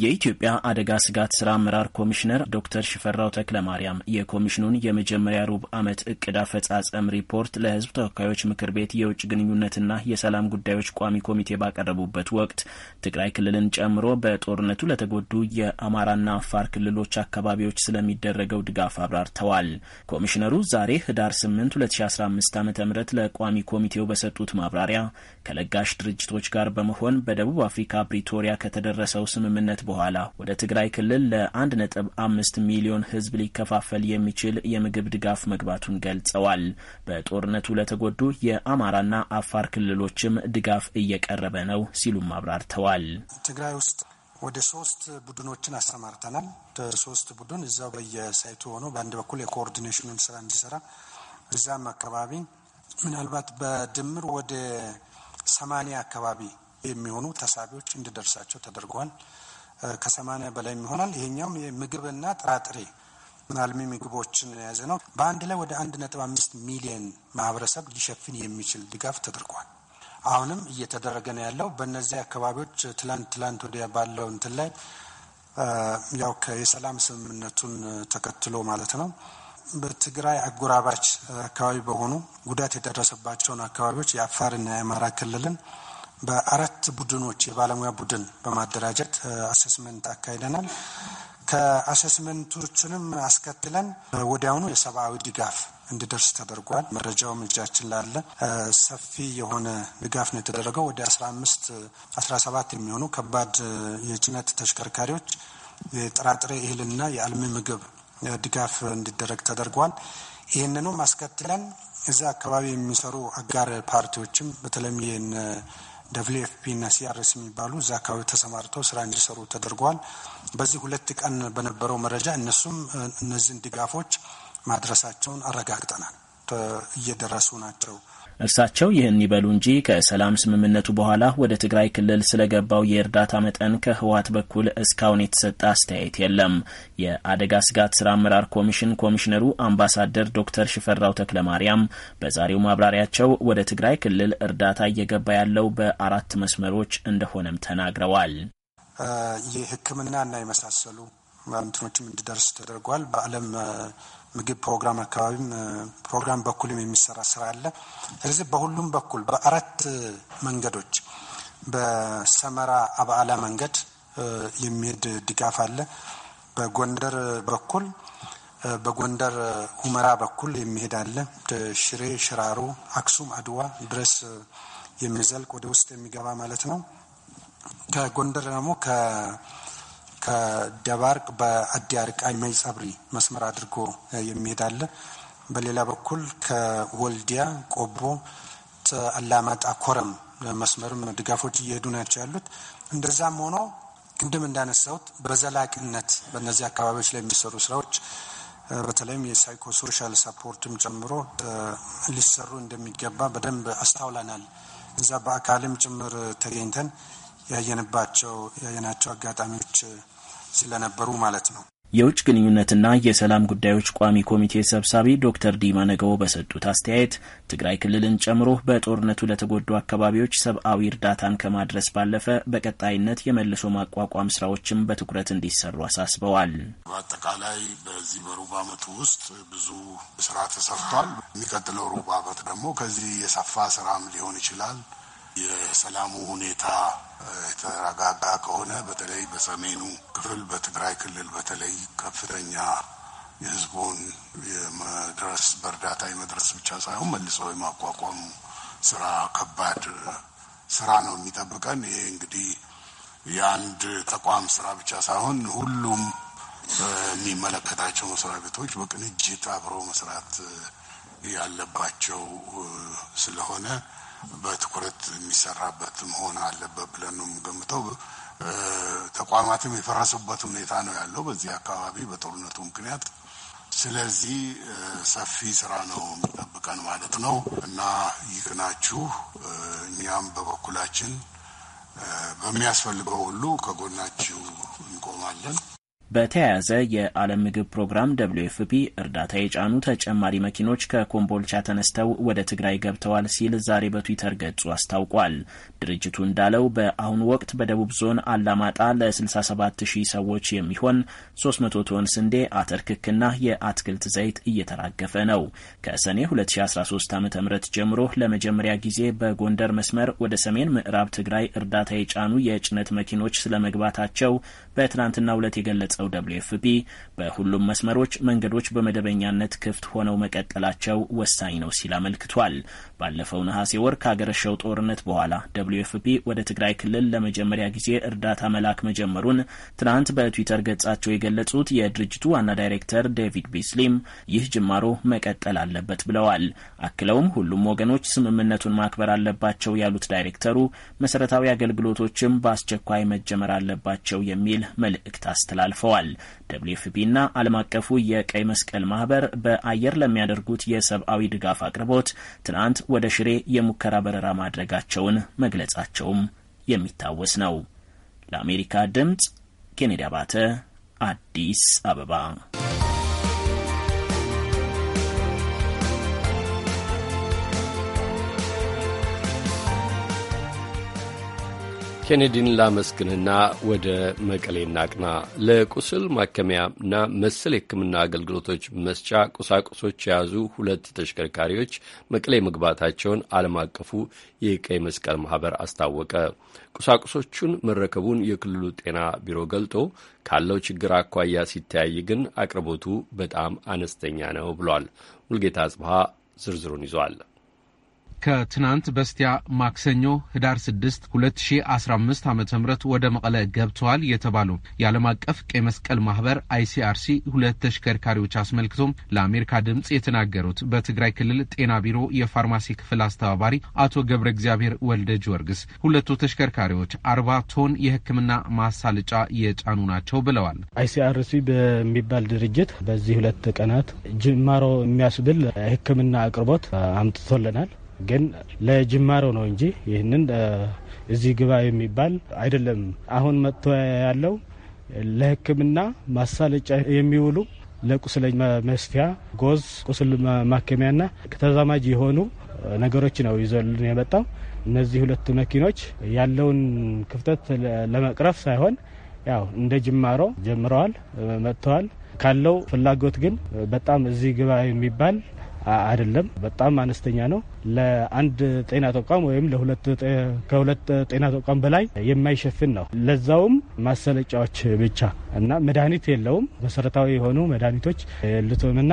የኢትዮጵያ አደጋ ስጋት ስራ አመራር ኮሚሽነር ዶክተር ሽፈራው ተክለ ማርያም የኮሚሽኑን የመጀመሪያ ሩብ ዓመት እቅድ አፈጻጸም ሪፖርት ለሕዝብ ተወካዮች ምክር ቤት የውጭ ግንኙነትና የሰላም ጉዳዮች ቋሚ ኮሚቴ ባቀረቡበት ወቅት ትግራይ ክልልን ጨምሮ በጦርነቱ ለተጎዱ የአማራና አፋር ክልሎች አካባቢዎች ስለሚደረገው ድጋፍ አብራርተዋል። ኮሚሽነሩ ዛሬ ህዳር 8 2015 ዓ ም ለቋሚ ኮሚቴው በሰጡት ማብራሪያ ከለጋሽ ድርጅቶች ጋር በመሆን በደቡብ አፍሪካ ፕሪቶሪያ ከተደረሰው ስምምነት በኋላ ወደ ትግራይ ክልል ለ1.5 ሚሊዮን ሕዝብ ሊከፋፈል የሚችል የምግብ ድጋፍ መግባቱን ገልጸዋል። በጦርነቱ ለተጎዱ የአማራና አፋር ክልሎችም ድጋፍ እየቀረበ ነው ሲሉም አብራርተዋል። ትግራይ ውስጥ ወደ ሶስት ቡድኖችን አሰማርተናል። ሶስት ቡድን እዛው በየሳይቱ ሆኖ በአንድ በኩል የኮኦርዲኔሽኑን ስራ እንዲሰራ እዛም አካባቢ ምናልባት በድምር ወደ ሰማኒያ አካባቢ የሚሆኑ ተሳቢዎች እንዲደርሳቸው ተደርጓል። ከሰማኒያ በላይ ይሆናል። ይሄኛውም የምግብና ጥራጥሬ አልሚ ምግቦችን የያዘ ነው። በአንድ ላይ ወደ አንድ ነጥብ አምስት ሚሊየን ማህበረሰብ ሊሸፍን የሚችል ድጋፍ ተደርጓል። አሁንም እየተደረገ ነው ያለው በእነዚህ አካባቢዎች ትላንት ትላንት ወዲያ ባለው እንትን ላይ ያው የሰላም ስምምነቱን ተከትሎ ማለት ነው በትግራይ አጎራባች አካባቢ በሆኑ ጉዳት የደረሰባቸውን አካባቢዎች የአፋርና የአማራ ክልልን በአራት ቡድኖች የባለሙያ ቡድን በማደራጀት አሴስመንት አካሂደናል። ከአሴስመንቶችንም አስከትለን ወዲያውኑ የሰብአዊ ድጋፍ እንዲደርስ ተደርጓል። መረጃውም እጃችን ላለ ሰፊ የሆነ ድጋፍ ነው የተደረገው። ወደ አስራ አምስት አስራ ሰባት የሚሆኑ ከባድ የጭነት ተሽከርካሪዎች የጥራጥሬ እህልና የአልሚ ምግብ ድጋፍ እንዲደረግ ተደርጓል። ይህንኑ አስከትለን እዛ አካባቢ የሚሰሩ አጋር ፓርቲዎችም በተለይም ይህን ደብሊው ኤፍፒ እና ሲአርስ የሚባሉ እዛ አካባቢ ተሰማርተው ስራ እንዲሰሩ ተደርጓል። በዚህ ሁለት ቀን በነበረው መረጃ እነሱም እነዚህን ድጋፎች ማድረሳቸውን አረጋግጠናል። እየደረሱ ናቸው። እርሳቸው ይህን ይበሉ እንጂ ከሰላም ስምምነቱ በኋላ ወደ ትግራይ ክልል ስለገባው የእርዳታ መጠን ከህወሀት በኩል እስካሁን የተሰጠ አስተያየት የለም። የአደጋ ስጋት ስራ አመራር ኮሚሽን ኮሚሽነሩ አምባሳደር ዶክተር ሽፈራው ተክለማርያም ማርያም በዛሬው ማብራሪያቸው ወደ ትግራይ ክልል እርዳታ እየገባ ያለው በአራት መስመሮች እንደሆነም ተናግረዋል። የሕክምናና የመሳሰሉ እንትኖችም እንዲደርስ ተደርጓል። በዓለም ምግብ ፕሮግራም አካባቢም ፕሮግራም በኩልም የሚሰራ ስራ አለ። ስለዚህ በሁሉም በኩል በአራት መንገዶች በሰመራ አበዓላ መንገድ የሚሄድ ድጋፍ አለ። በጎንደር በኩል በጎንደር ሁመራ በኩል የሚሄድ አለ። ሽሬ፣ ሽራሮ፣ አክሱም፣ አድዋ ድረስ የሚዘልቅ ወደ ውስጥ የሚገባ ማለት ነው። ከጎንደር ደግሞ ከደባርቅ በአዲ አርቃይ መይ መስመር አድርጎ የሚሄድ አለ። በሌላ በኩል ከወልዲያ ቆቦ አላማጣ ኮረም መስመርም ድጋፎች እየሄዱ ናቸው ያሉት። እንደዛም ሆኖ ቅድም እንዳነሳሁት በዘላቂነት በእነዚህ አካባቢዎች ላይ የሚሰሩ ስራዎች በተለይም የሳይኮሶሻል ሰፖርትም ጨምሮ ሊሰሩ እንደሚገባ በደንብ አስታውለናል። እዛ በአካልም ጭምር ተገኝተን ያየንባቸው ያየናቸው አጋጣሚዎች ስለነበሩ ማለት ነው። የውጭ ግንኙነትና የሰላም ጉዳዮች ቋሚ ኮሚቴ ሰብሳቢ ዶክተር ዲማ ነገው በሰጡት አስተያየት ትግራይ ክልልን ጨምሮ በጦርነቱ ለተጎዱ አካባቢዎች ሰብአዊ እርዳታን ከማድረስ ባለፈ በቀጣይነት የመልሶ ማቋቋም ስራዎችም በትኩረት እንዲሰሩ አሳስበዋል። በአጠቃላይ በዚህ በሩብ ዓመቱ ውስጥ ብዙ ስራ ተሰርቷል። የሚቀጥለው ሩብ ዓመት ደግሞ ከዚህ የሰፋ ስራም ሊሆን ይችላል። የሰላሙ ሁኔታ የተረጋጋ ከሆነ በተለይ በሰሜኑ ክፍል በትግራይ ክልል በተለይ ከፍተኛ የህዝቡን የመድረስ በእርዳታ የመድረስ ብቻ ሳይሆን መልሶ የማቋቋሙ ስራ ከባድ ስራ ነው የሚጠብቀን። ይሄ እንግዲህ የአንድ ተቋም ስራ ብቻ ሳይሆን ሁሉም የሚመለከታቸው መስሪያ ቤቶች በቅንጅት አብረው መስራት ያለባቸው ስለሆነ በትኩረት የሚሰራበት መሆን አለበት ብለን ነው የምንገምተው። ተቋማትም የፈረሱበት ሁኔታ ነው ያለው በዚህ አካባቢ በጦርነቱ ምክንያት። ስለዚህ ሰፊ ስራ ነው የሚጠብቀን ማለት ነው እና ይቅናችሁ። እኛም በበኩላችን በሚያስፈልገው ሁሉ ከጎናችሁ እንቆማለን። በተያያዘ የዓለም ምግብ ፕሮግራም ደብሊው ኤፍፒ እርዳታ የጫኑ ተጨማሪ መኪኖች ከኮምቦልቻ ተነስተው ወደ ትግራይ ገብተዋል ሲል ዛሬ በትዊተር ገጹ አስታውቋል። ድርጅቱ እንዳለው በአሁኑ ወቅት በደቡብ ዞን አላማጣ ለ67 ሺህ ሰዎች የሚሆን 300 ቶን ስንዴ፣ አተር፣ ክክና የአትክልት ዘይት እየተራገፈ ነው። ከሰኔ 2013 ዓ ም ጀምሮ ለመጀመሪያ ጊዜ በጎንደር መስመር ወደ ሰሜን ምዕራብ ትግራይ እርዳታ የጫኑ የጭነት መኪኖች ስለመግባታቸው በትናንትናው ዕለት የገለጸ የገለጸው ደብሊው ኤፍፒ በሁሉም መስመሮች መንገዶች በመደበኛነት ክፍት ሆነው መቀጠላቸው ወሳኝ ነው ሲል አመልክቷል። ባለፈው ነሐሴ ወር ከአገረሸው ጦርነት በኋላ ደብሊው ኤፍፒ ወደ ትግራይ ክልል ለመጀመሪያ ጊዜ እርዳታ መላክ መጀመሩን ትናንት በትዊተር ገጻቸው የገለጹት የድርጅቱ ዋና ዳይሬክተር ዴቪድ ቢስሊም ይህ ጅማሮ መቀጠል አለበት ብለዋል። አክለውም ሁሉም ወገኖች ስምምነቱን ማክበር አለባቸው ያሉት ዳይሬክተሩ መሰረታዊ አገልግሎቶችም በአስቸኳይ መጀመር አለባቸው የሚል መልእክት አስተላልፈዋል። አስታውቀዋል። ደብሊውኤፍፒና ዓለም አቀፉ የቀይ መስቀል ማህበር በአየር ለሚያደርጉት የሰብአዊ ድጋፍ አቅርቦት ትናንት ወደ ሽሬ የሙከራ በረራ ማድረጋቸውን መግለጻቸውም የሚታወስ ነው። ለአሜሪካ ድምፅ ኬኔዲ አባተ አዲስ አበባ ኬኔዲን ላመስግንና ወደ መቀሌ ናቅና ለቁስል ማከሚያና መሰል የሕክምና አገልግሎቶች መስጫ ቁሳቁሶች የያዙ ሁለት ተሽከርካሪዎች መቀሌ መግባታቸውን ዓለም አቀፉ የቀይ መስቀል ማህበር አስታወቀ። ቁሳቁሶቹን መረከቡን የክልሉ ጤና ቢሮ ገልጦ ካለው ችግር አኳያ ሲተያይ ግን አቅርቦቱ በጣም አነስተኛ ነው ብሏል። ሙልጌታ አጽብሃ ዝርዝሩን ይዟል። ከትናንት በስቲያ ማክሰኞ ህዳር 6 2015 ዓ ም ወደ መቀለ ገብተዋል የተባሉ የዓለም አቀፍ ቀይ መስቀል ማህበር አይሲአርሲ ሁለት ተሽከርካሪዎች አስመልክቶ ለአሜሪካ ድምፅ የተናገሩት በትግራይ ክልል ጤና ቢሮ የፋርማሲ ክፍል አስተባባሪ አቶ ገብረ እግዚአብሔር ወልደ ጊዮርጊስ ሁለቱ ተሽከርካሪዎች አርባ ቶን የህክምና ማሳለጫ የጫኑ ናቸው ብለዋል። አይሲአርሲ በሚባል ድርጅት በዚህ ሁለት ቀናት ጅማሮ የሚያስብል ህክምና አቅርቦት አምጥቶልናል። ግን ለጅማሮ ነው እንጂ ይህንን እዚህ ግባ የሚባል አይደለም። አሁን መጥቶ ያለው ለሕክምና ማሳለጫ የሚውሉ ለቁስለኝ መስፊያ ጎዝ፣ ቁስል ማከሚያና ከተዛማጅ የሆኑ ነገሮች ነው ይዞልን የመጣው። እነዚህ ሁለት መኪኖች ያለውን ክፍተት ለመቅረፍ ሳይሆን ያው እንደ ጅማሮ ጀምረዋል፣ መጥተዋል። ካለው ፍላጎት ግን በጣም እዚህ ግባ የሚባል አይደለም፣ በጣም አነስተኛ ነው። ለአንድ ጤና ተቋም ወይም ከሁለት ጤና ተቋም በላይ የማይሸፍን ነው። ለዛውም ማሰለጫዎች ብቻ እና መድኃኒት የለውም። መሰረታዊ የሆኑ መድኃኒቶች የሉትምና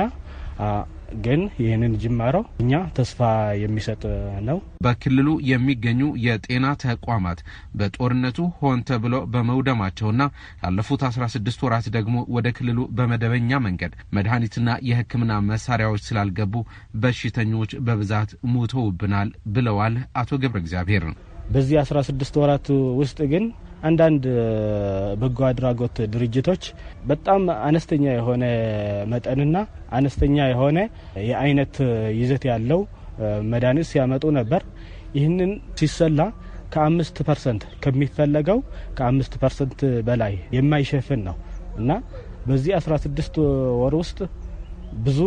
ግን ይህንን ጅማሮ እኛ ተስፋ የሚሰጥ ነው። በክልሉ የሚገኙ የጤና ተቋማት በጦርነቱ ሆን ተብሎ በመውደማቸውና ያለፉት 16 ወራት ደግሞ ወደ ክልሉ በመደበኛ መንገድ መድኃኒትና የሕክምና መሳሪያዎች ስላልገቡ በሽተኞች በብዛት ሙተውብናል ብለዋል አቶ ገብረ እግዚአብሔር። በዚህ 16 ወራት ውስጥ ግን አንዳንድ በጎ አድራጎት ድርጅቶች በጣም አነስተኛ የሆነ መጠንና አነስተኛ የሆነ የአይነት ይዘት ያለው መድኃኒት ሲያመጡ ነበር። ይህንን ሲሰላ ከአምስት ፐርሰንት ከሚፈለገው ከአምስት ፐርሰንት በላይ የማይሸፍን ነው እና በዚህ 16 ወር ውስጥ ብዙ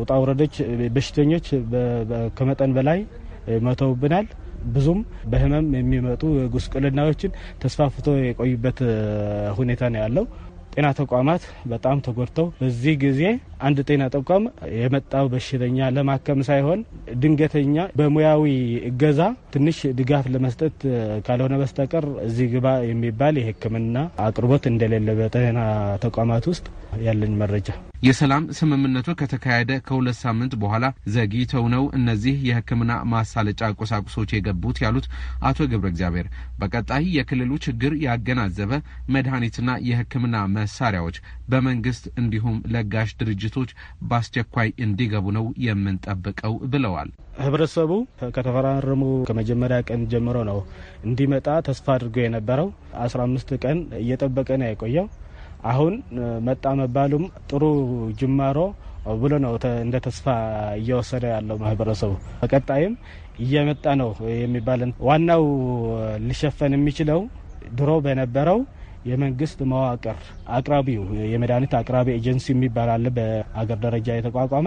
ውጣ ውረዶች በሽተኞች ከመጠን በላይ መተውብናል። ብዙም በህመም የሚመጡ ጉስቁልናዎችን ተስፋፍቶ የቆዩበት ሁኔታ ነው ያለው። ጤና ተቋማት በጣም ተጎድተው በዚህ ጊዜ አንድ ጤና ተቋም የመጣው በሽተኛ ለማከም ሳይሆን ድንገተኛ በሙያዊ እገዛ ትንሽ ድጋፍ ለመስጠት ካልሆነ በስተቀር እዚህ ግባ የሚባል የሕክምና አቅርቦት እንደሌለ በጤና ተቋማት ውስጥ ያለኝ መረጃ። የሰላም ስምምነቱ ከተካሄደ ከሁለት ሳምንት በኋላ ዘግይተው ነው እነዚህ የህክምና ማሳለጫ ቁሳቁሶች የገቡት ያሉት አቶ ገብረ እግዚአብሔር በቀጣይ የክልሉ ችግር ያገናዘበ መድኃኒትና የህክምና መሳሪያዎች በመንግስት እንዲሁም ለጋሽ ድርጅቶች በአስቸኳይ እንዲገቡ ነው የምንጠብቀው ብለዋል። ህብረተሰቡ ከተፈራረሙ ከመጀመሪያ ቀን ጀምሮ ነው እንዲመጣ ተስፋ አድርገው የነበረው። አስራ አምስት ቀን እየጠበቀ ነው የቆየው። አሁን መጣ መባሉም ጥሩ ጅማሮ ብሎ ነው እንደ ተስፋ እየወሰደ ያለው ማህበረሰቡ። በቀጣይም እየመጣ ነው የሚባለን ዋናው ሊሸፈን የሚችለው ድሮ በነበረው የመንግስት መዋቅር አቅራቢው የመድኃኒት አቅራቢ ኤጀንሲ የሚባል አለ በአገር ደረጃ የተቋቋመ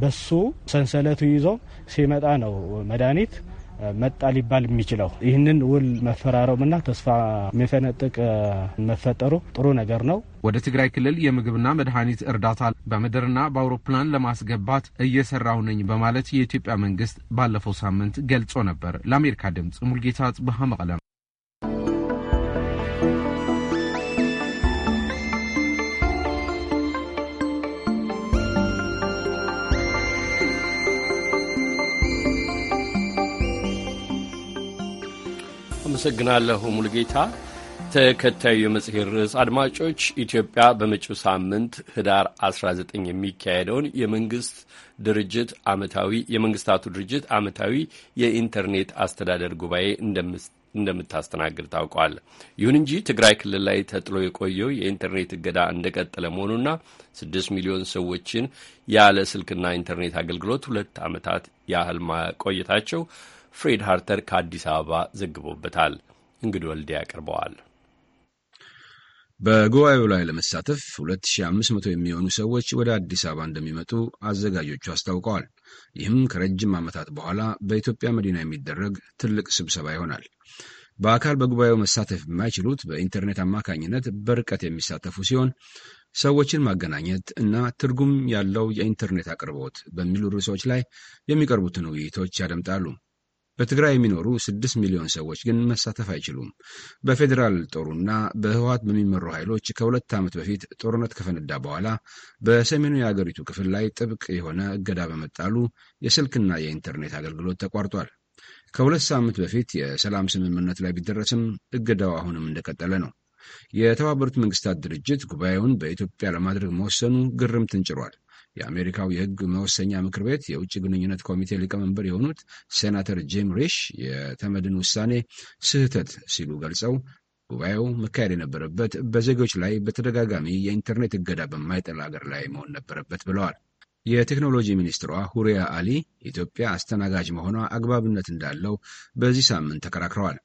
በሱ ሰንሰለቱ ይዞ ሲመጣ ነው መድኃኒት መጣ ሊባል የሚችለው። ይህንን ውል መፈራረምና ተስፋ የሚፈነጥቅ መፈጠሩ ጥሩ ነገር ነው። ወደ ትግራይ ክልል የምግብና መድኃኒት እርዳታ በምድርና በአውሮፕላን ለማስገባት እየሰራሁ ነኝ በማለት የኢትዮጵያ መንግስት ባለፈው ሳምንት ገልጾ ነበር። ለአሜሪካ ድምፅ ሙልጌታ ጽብሃ መቀለም አመሰግናለሁ ሙሉጌታ። ተከታዩ የመጽሔት ርዕስ አድማጮች፣ ኢትዮጵያ በመጪው ሳምንት ህዳር 19 የሚካሄደውን የመንግስት ድርጅት አመታዊ የመንግስታቱ ድርጅት ዓመታዊ የኢንተርኔት አስተዳደር ጉባኤ እንደምታስተናግድ ታውቋል። ይሁን እንጂ ትግራይ ክልል ላይ ተጥሎ የቆየው የኢንተርኔት እገዳ እንደቀጠለ መሆኑና ስድስት ሚሊዮን ሰዎችን ያለ ስልክና ኢንተርኔት አገልግሎት ሁለት ዓመታት ያህል ማቆየታቸው ፍሬድ ሃርተር ከአዲስ አበባ ዘግቦበታል። እንግዲህ ወልዴ ያቀርበዋል። በጉባኤው ላይ ለመሳተፍ 2500 የሚሆኑ ሰዎች ወደ አዲስ አበባ እንደሚመጡ አዘጋጆቹ አስታውቀዋል። ይህም ከረጅም ዓመታት በኋላ በኢትዮጵያ መዲና የሚደረግ ትልቅ ስብሰባ ይሆናል። በአካል በጉባኤው መሳተፍ የማይችሉት በኢንተርኔት አማካኝነት በርቀት የሚሳተፉ ሲሆን ሰዎችን ማገናኘት እና ትርጉም ያለው የኢንተርኔት አቅርቦት በሚሉ ርዕሶች ላይ የሚቀርቡትን ውይይቶች ያደምጣሉ። በትግራይ የሚኖሩ ስድስት ሚሊዮን ሰዎች ግን መሳተፍ አይችሉም። በፌዴራል ጦሩና በህወሀት በሚመሩ ኃይሎች ከሁለት ዓመት በፊት ጦርነት ከፈነዳ በኋላ በሰሜኑ የአገሪቱ ክፍል ላይ ጥብቅ የሆነ እገዳ በመጣሉ የስልክና የኢንተርኔት አገልግሎት ተቋርጧል። ከሁለት ሳምንት በፊት የሰላም ስምምነት ላይ ቢደረስም እገዳው አሁንም እንደቀጠለ ነው። የተባበሩት መንግስታት ድርጅት ጉባኤውን በኢትዮጵያ ለማድረግ መወሰኑ ግርምትን ጭሯል። የአሜሪካው የሕግ መወሰኛ ምክር ቤት የውጭ ግንኙነት ኮሚቴ ሊቀመንበር የሆኑት ሴናተር ጂም ሪሽ የተመድን ውሳኔ ስህተት ሲሉ ገልጸው ጉባኤው መካሄድ የነበረበት በዜጎች ላይ በተደጋጋሚ የኢንተርኔት እገዳ በማይጥል አገር ላይ መሆን ነበረበት ብለዋል። የቴክኖሎጂ ሚኒስትሯ ሁሪያ አሊ ኢትዮጵያ አስተናጋጅ መሆኗ አግባብነት እንዳለው በዚህ ሳምንት ተከራክረዋል።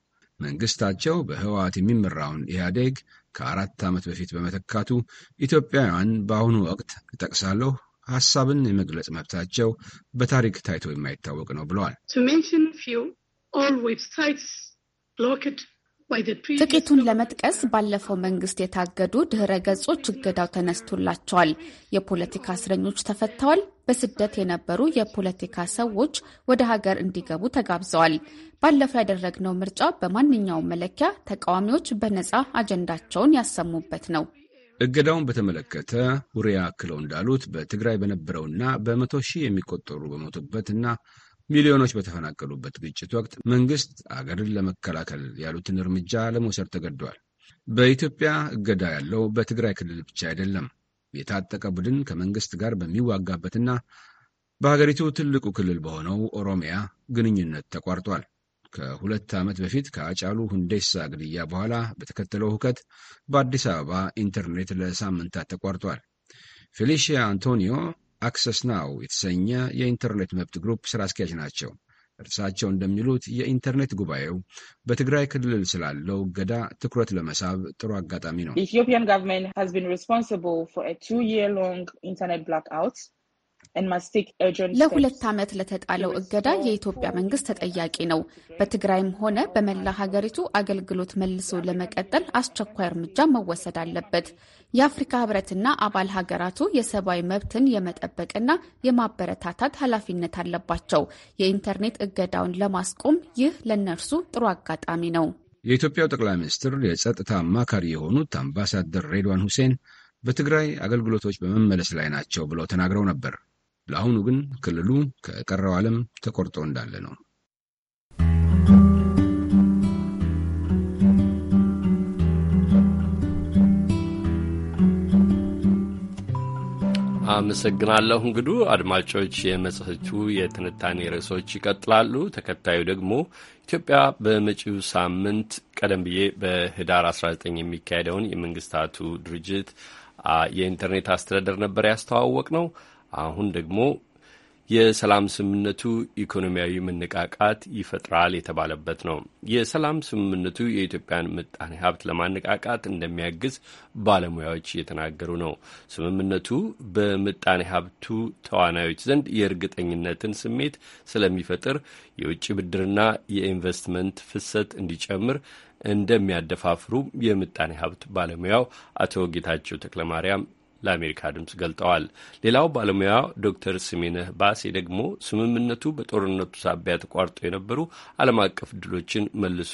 መንግስታቸው በህወሓት የሚመራውን ኢህአዴግ ከአራት ዓመት በፊት በመተካቱ ኢትዮጵያውያን በአሁኑ ወቅት እጠቅሳለሁ ሀሳብን የመግለጽ መብታቸው በታሪክ ታይቶ የማይታወቅ ነው ብለዋል። ጥቂቱን ለመጥቀስ ባለፈው መንግስት የታገዱ ድህረ ገጾች እገዳው ተነስቶላቸዋል። የፖለቲካ እስረኞች ተፈተዋል። በስደት የነበሩ የፖለቲካ ሰዎች ወደ ሀገር እንዲገቡ ተጋብዘዋል። ባለፈው ያደረግነው ምርጫ በማንኛውም መለኪያ ተቃዋሚዎች በነፃ አጀንዳቸውን ያሰሙበት ነው። እገዳውን በተመለከተ ውሪያ አክለው እንዳሉት በትግራይ በነበረውና በመቶ ሺህ የሚቆጠሩ በሞቱበት እና ሚሊዮኖች በተፈናቀሉበት ግጭት ወቅት መንግስት አገርን ለመከላከል ያሉትን እርምጃ ለመውሰድ ተገዷል። በኢትዮጵያ እገዳ ያለው በትግራይ ክልል ብቻ አይደለም። የታጠቀ ቡድን ከመንግስት ጋር በሚዋጋበትና በሀገሪቱ ትልቁ ክልል በሆነው ኦሮሚያ ግንኙነት ተቋርጧል። ከሁለት ዓመት በፊት ከአጫሉ ሁንዴሳ ግድያ በኋላ በተከተለው ሁከት በአዲስ አበባ ኢንተርኔት ለሳምንታት ተቋርጧል። ፌሊሺያ አንቶኒዮ አክሰስ ናው የተሰኘ የኢንተርኔት መብት ግሩፕ ስራ አስኪያጅ ናቸው። እርሳቸው እንደሚሉት የኢንተርኔት ጉባኤው በትግራይ ክልል ስላለው እገዳ ትኩረት ለመሳብ ጥሩ አጋጣሚ ነው። ለሁለት ዓመት ለተጣለው እገዳ የኢትዮጵያ መንግስት ተጠያቂ ነው። በትግራይም ሆነ በመላ ሀገሪቱ አገልግሎት መልሶ ለመቀጠል አስቸኳይ እርምጃ መወሰድ አለበት። የአፍሪካ ህብረትና አባል ሀገራቱ የሰብአዊ መብትን የመጠበቅና የማበረታታት ኃላፊነት አለባቸው። የኢንተርኔት እገዳውን ለማስቆም ይህ ለእነርሱ ጥሩ አጋጣሚ ነው። የኢትዮጵያው ጠቅላይ ሚኒስትር የጸጥታ አማካሪ የሆኑት አምባሳደር ሬድዋን ሁሴን በትግራይ አገልግሎቶች በመመለስ ላይ ናቸው ብለው ተናግረው ነበር። ለአሁኑ ግን ክልሉ ከቀረው ዓለም ተቆርጦ እንዳለ ነው። አመሰግናለሁ እንግዱ። አድማጮች የመጽሔቱ የትንታኔ ርዕሶች ይቀጥላሉ። ተከታዩ ደግሞ ኢትዮጵያ በመጪው ሳምንት ቀደም ብዬ በህዳር 19 የሚካሄደውን የመንግስታቱ ድርጅት የኢንተርኔት አስተዳደር ነበር ያስተዋወቅ ነው። አሁን ደግሞ የሰላም ስምምነቱ ኢኮኖሚያዊ መነቃቃት ይፈጥራል የተባለበት ነው። የሰላም ስምምነቱ የኢትዮጵያን ምጣኔ ሀብት ለማነቃቃት እንደሚያግዝ ባለሙያዎች እየተናገሩ ነው። ስምምነቱ በምጣኔ ሀብቱ ተዋናዮች ዘንድ የእርግጠኝነትን ስሜት ስለሚፈጥር የውጭ ብድርና የኢንቨስትመንት ፍሰት እንዲጨምር እንደሚያደፋፍሩ የምጣኔ ሀብት ባለሙያው አቶ ጌታቸው ተክለማርያም ለአሜሪካ ድምፅ ገልጠዋል። ሌላው ባለሙያ ዶክተር ስሜነህ ባሴ ደግሞ ስምምነቱ በጦርነቱ ሳቢያ ተቋርጦ የነበሩ ዓለም አቀፍ ድሎችን መልሶ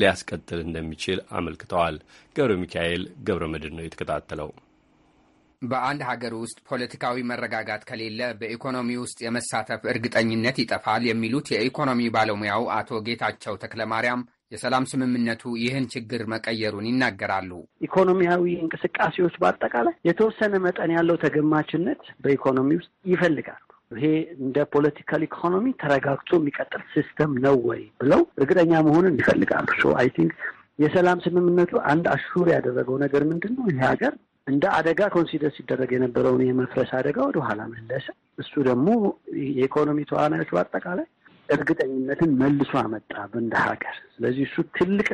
ሊያስቀጥል እንደሚችል አመልክተዋል። ገብረ ሚካኤል ገብረ መድን ነው የተከታተለው። በአንድ ሀገር ውስጥ ፖለቲካዊ መረጋጋት ከሌለ በኢኮኖሚ ውስጥ የመሳተፍ እርግጠኝነት ይጠፋል የሚሉት የኢኮኖሚ ባለሙያው አቶ ጌታቸው ተክለማርያም የሰላም ስምምነቱ ይህን ችግር መቀየሩን ይናገራሉ። ኢኮኖሚያዊ እንቅስቃሴዎች በአጠቃላይ የተወሰነ መጠን ያለው ተገማችነት በኢኮኖሚ ውስጥ ይፈልጋሉ። ይሄ እንደ ፖለቲካል ኢኮኖሚ ተረጋግቶ የሚቀጥል ሲስተም ነው ወይ ብለው እርግጠኛ መሆንን ይፈልጋሉ። ሶ አይ ቲንክ የሰላም ስምምነቱ አንድ አሹር ያደረገው ነገር ምንድን ነው? ይህ ሀገር እንደ አደጋ ኮንሲደር ሲደረግ የነበረውን የመፍረስ አደጋ ወደኋላ መለሰ። እሱ ደግሞ የኢኮኖሚ ተዋናዮች በአጠቃላይ እርግጠኝነትን መልሶ አመጣ እንደ ሀገር። ስለዚህ እሱ ትልቅ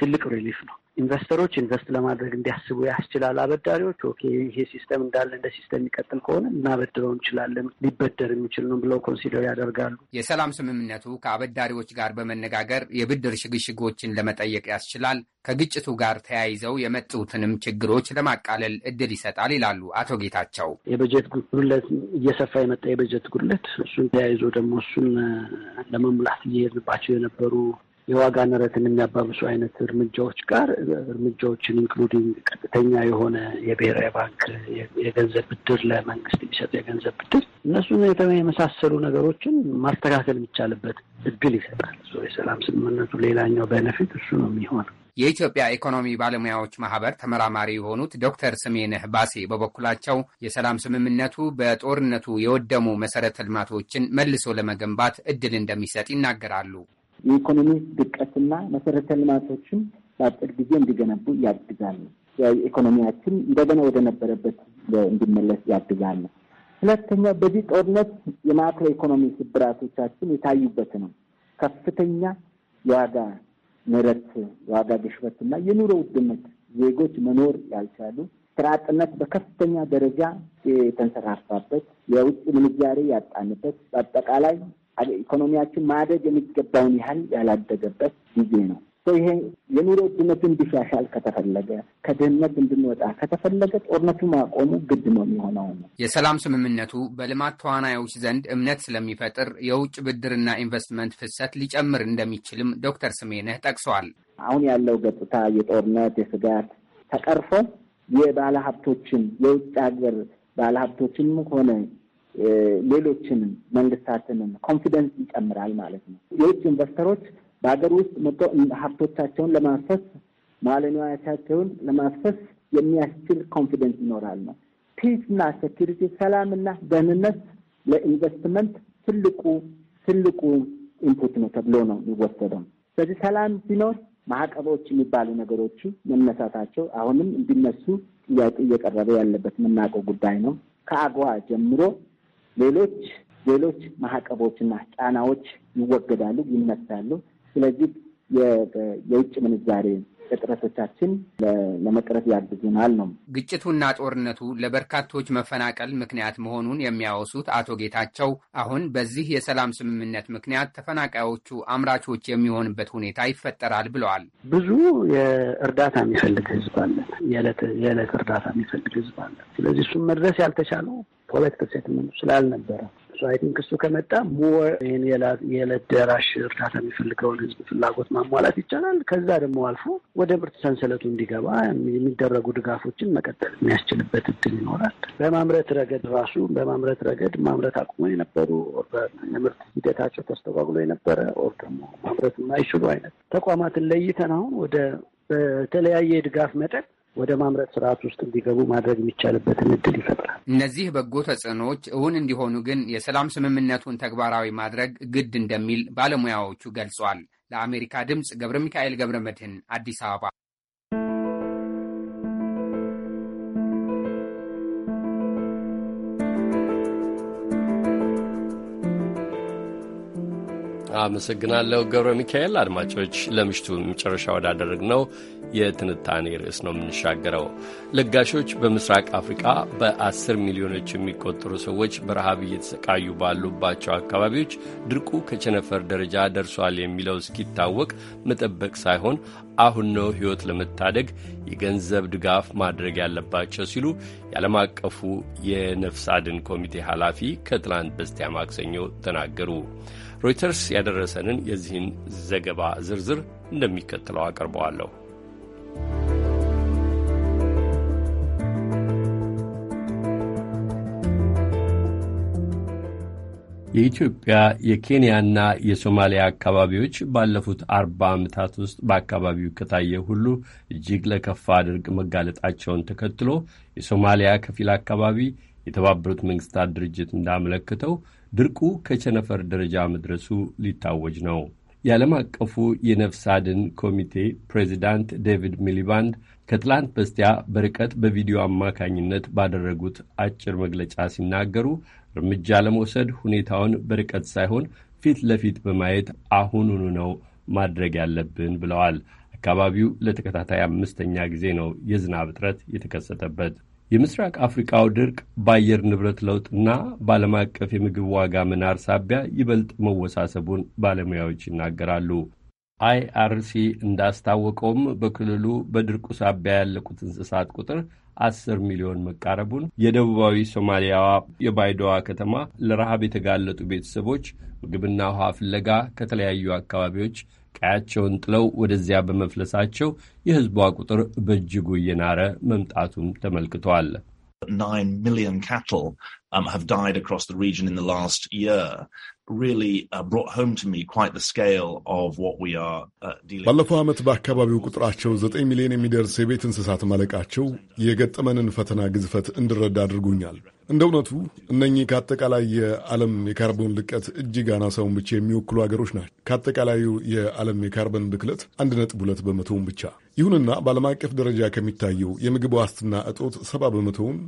ትልቅ ሪሊፍ ነው። ኢንቨስተሮች ኢንቨስት ለማድረግ እንዲያስቡ ያስችላል። አበዳሪዎች ኦኬ ይሄ ሲስተም እንዳለ እንደ ሲስተም የሚቀጥል ከሆነ እናበድረው እንችላለን፣ ሊበደር የሚችል ነው ብለው ኮንሲደር ያደርጋሉ። የሰላም ስምምነቱ ከአበዳሪዎች ጋር በመነጋገር የብድር ሽግሽጎችን ለመጠየቅ ያስችላል። ከግጭቱ ጋር ተያይዘው የመጡትንም ችግሮች ለማቃለል እድል ይሰጣል ይላሉ አቶ ጌታቸው። የበጀት ጉድለት እየሰፋ የመጣ የበጀት ጉድለት እሱን ተያይዞ ደግሞ እሱን ለመሙላት እየሄድንባቸው የነበሩ የዋጋ ንረትን የሚያባብሱ አይነት እርምጃዎች ጋር እርምጃዎችን ኢንክሉዲንግ ቀጥተኛ የሆነ የብሔራዊ ባንክ የገንዘብ ብድር ለመንግስት የሚሰጥ የገንዘብ ብድር እነሱን የመሳሰሉ ነገሮችን ማስተካከል የሚቻልበት እድል ይሰጣል። የሰላም ስምምነቱ ሌላኛው በነፊት እሱ ነው የሚሆነው። የኢትዮጵያ ኢኮኖሚ ባለሙያዎች ማህበር ተመራማሪ የሆኑት ዶክተር ስሜነህ ባሴ በበኩላቸው የሰላም ስምምነቱ በጦርነቱ የወደሙ መሰረተ ልማቶችን መልሶ ለመገንባት እድል እንደሚሰጥ ይናገራሉ። የኢኮኖሚ ድቀትና መሰረተ ልማቶችን በአጭር ጊዜ እንዲገነቡ ያግዛል። ኢኮኖሚያችን እንደገና ወደ ነበረበት እንዲመለስ ያግዛል። ሁለተኛ በዚህ ጦርነት የማክሮ ኢኮኖሚ ስብራቶቻችን የታዩበት ነው። ከፍተኛ የዋጋ ንረት፣ የዋጋ ግሽበትና የኑሮ ውድነት፣ ዜጎች መኖር ያልቻሉ ስራ አጥነት በከፍተኛ ደረጃ የተንሰራፋበት፣ የውጭ ምንዛሬ ያጣንበት በአጠቃላይ ኢኮኖሚያችን ማደግ የሚገባውን ያህል ያላደገበት ጊዜ ነው። ይሄ የኑሮ ውድነቱ እንዲሻሻል ከተፈለገ ከድህነት እንድንወጣ ከተፈለገ ጦርነቱ ማቆሙ ግድ ነው የሚሆነው ነው። የሰላም ስምምነቱ በልማት ተዋናዮች ዘንድ እምነት ስለሚፈጥር የውጭ ብድርና ኢንቨስትመንት ፍሰት ሊጨምር እንደሚችልም ዶክተር ስሜነህ ጠቅሰዋል። አሁን ያለው ገጽታ የጦርነት የስጋት ተቀርፎ የባለሀብቶችን የውጭ ሀገር ባለ ሆነ ሌሎችንም መንግስታትንም ኮንፊደንስ ይጨምራል ማለት ነው። የውጭ ኢንቨስተሮች በሀገር ውስጥ መጥተው ሀብቶቻቸውን ለማፍሰስ ማለንዋያቻቸውን ለማፍሰስ የሚያስችል ኮንፊደንስ ይኖራል ነው። ፒስና ሴኪሪቲ ሰላምና ደህንነት ለኢንቨስትመንት ትልቁ ትልቁ ኢንፑት ነው ተብሎ ነው የሚወሰደው። ስለዚህ ሰላም ሲኖር ማዕቀቦች የሚባሉ ነገሮቹ መነሳታቸው አሁንም እንዲነሱ ጥያቄ እየቀረበ ያለበት የምናውቀው ጉዳይ ነው። ከአግዋ ጀምሮ ሌሎች ሌሎች ማዕቀቦችና ጫናዎች ይወገዳሉ፣ ይመታሉ። ስለዚህ የውጭ ምንዛሬ እጥረቶቻችን ለመቅረፍ ያግዙናል ነው። ግጭቱና ጦርነቱ ለበርካቶች መፈናቀል ምክንያት መሆኑን የሚያወሱት አቶ ጌታቸው አሁን በዚህ የሰላም ስምምነት ምክንያት ተፈናቃዮቹ አምራቾች የሚሆንበት ሁኔታ ይፈጠራል ብለዋል። ብዙ የእርዳታ የሚፈልግ ህዝብ አለ። የዕለት የዕለት እርዳታ የሚፈልግ ህዝብ አለ። ስለዚህ እሱም መድረስ ያልተቻለው ፖለቲካል ሴትልመንቱ ስላልነበረ አይ ክሱ ከመጣ ሞር ይህን የዕለት ደራሽ እርዳታ የሚፈልገውን ህዝብ ፍላጎት ማሟላት ይቻላል። ከዛ ደግሞ አልፎ ወደ ምርት ሰንሰለቱ እንዲገባ የሚደረጉ ድጋፎችን መቀጠል የሚያስችልበት እድል ይኖራል። በማምረት ረገድ ራሱ በማምረት ረገድ ማምረት አቁሞ የነበሩ የምርት ሂደታቸው ተስተጓጉሎ የነበረ ኦር ደግሞ ማምረት የማይችሉ አይነት ተቋማትን ለይተን አሁን ወደ በተለያየ ድጋፍ መጠን ወደ ማምረት ስርዓት ውስጥ እንዲገቡ ማድረግ የሚቻልበትን እድል ይፈጥራል። እነዚህ በጎ ተጽዕኖዎች እውን እንዲሆኑ ግን የሰላም ስምምነቱን ተግባራዊ ማድረግ ግድ እንደሚል ባለሙያዎቹ ገልጿል። ለአሜሪካ ድምፅ ገብረ ሚካኤል ገብረ መድህን አዲስ አበባ አመሰግናለሁ ገብረ ሚካኤል። አድማጮች ለምሽቱ መጨረሻ ወዳደረግ ነው የትንታኔ ርዕስ ነው የምንሻገረው። ለጋሾች በምስራቅ አፍሪቃ በአስር ሚሊዮኖች የሚቆጠሩ ሰዎች በረሃብ እየተሰቃዩ ባሉባቸው አካባቢዎች ድርቁ ከቸነፈር ደረጃ ደርሷል የሚለው እስኪታወቅ መጠበቅ ሳይሆን አሁን ነው ሕይወት ለመታደግ የገንዘብ ድጋፍ ማድረግ ያለባቸው ሲሉ የዓለም አቀፉ የነፍስ አድን ኮሚቴ ኃላፊ ከትላንት በስቲያ ማክሰኞ ተናገሩ። ሮይተርስ ያደረሰንን የዚህን ዘገባ ዝርዝር እንደሚከተለው አቀርበዋለሁ። የኢትዮጵያ የኬንያና የሶማሊያ አካባቢዎች ባለፉት አርባ ዓመታት ውስጥ በአካባቢው ከታየ ሁሉ እጅግ ለከፋ ድርቅ መጋለጣቸውን ተከትሎ የሶማሊያ ከፊል አካባቢ የተባበሩት መንግስታት ድርጅት እንዳመለከተው ድርቁ ከቸነፈር ደረጃ መድረሱ ሊታወጅ ነው። የዓለም አቀፉ የነፍስ አድን ኮሚቴ ፕሬዚዳንት ዴቪድ ሚሊባንድ ከትላንት በስቲያ በርቀት በቪዲዮ አማካኝነት ባደረጉት አጭር መግለጫ ሲናገሩ እርምጃ ለመውሰድ ሁኔታውን በርቀት ሳይሆን ፊት ለፊት በማየት አሁኑኑ ነው ማድረግ ያለብን ብለዋል። አካባቢው ለተከታታይ አምስተኛ ጊዜ ነው የዝናብ እጥረት የተከሰተበት። የምስራቅ አፍሪቃው ድርቅ በአየር ንብረት ለውጥና በዓለም አቀፍ የምግብ ዋጋ መናር ሳቢያ ይበልጥ መወሳሰቡን ባለሙያዎች ይናገራሉ። አይአርሲ እንዳስታወቀውም በክልሉ በድርቁ ሳቢያ ያለቁት እንስሳት ቁጥር አስር ሚሊዮን መቃረቡን፣ የደቡባዊ ሶማሊያዋ የባይዶዋ ከተማ ለረሃብ የተጋለጡ ቤተሰቦች ምግብና ውሃ ፍለጋ ከተለያዩ አካባቢዎች ቀያቸውን ጥለው ወደዚያ በመፍለሳቸው የሕዝቧ ቁጥር በእጅጉ እየናረ መምጣቱም ተመልክቷል። 9 million cattle um, have died across the region in the last year. really uh, brought home to me quite the scale of what we are uh, dealing ባለፈው ዓመት በአካባቢው ቁጥራቸው ዘጠኝ ሚሊዮን የሚደርስ የቤት እንስሳት ማለቃቸው የገጠመንን ፈተና ግዝፈት እንድረዳ አድርጎኛል። እንደ እውነቱ እነኚህ ከአጠቃላይ የዓለም የካርቦን ልቀት እጅግ አናሳውን ብቻ የሚወክሉ ሀገሮች ናቸው። ከአጠቃላዩ የዓለም የካርበን ብክለት ሁለት በመቶውን ብቻ ይሁንና በዓለም አቀፍ ደረጃ ከሚታየው የምግብ ዋስትና እጦት ሰባ በመቶውን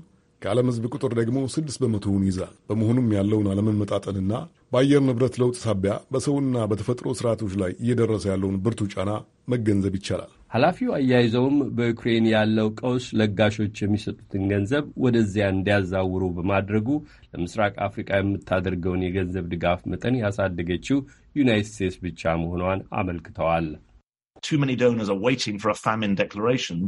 ከዓለም ሕዝብ ቁጥር ደግሞ ስድስት በመቶውን ይዛል። በመሆኑም ያለውን አለመመጣጠንና በአየር ንብረት ለውጥ ሳቢያ በሰውና በተፈጥሮ ስርዓቶች ላይ እየደረሰ ያለውን ብርቱ ጫና መገንዘብ ይቻላል። ኃላፊው አያይዘውም በዩክሬን ያለው ቀውስ ለጋሾች የሚሰጡትን ገንዘብ ወደዚያ እንዲያዛውሩ በማድረጉ ለምስራቅ አፍሪቃ የምታደርገውን የገንዘብ ድጋፍ መጠን ያሳደገችው ዩናይትድ ስቴትስ ብቻ መሆኗን አመልክተዋል። too many donors are waiting for a famine declaration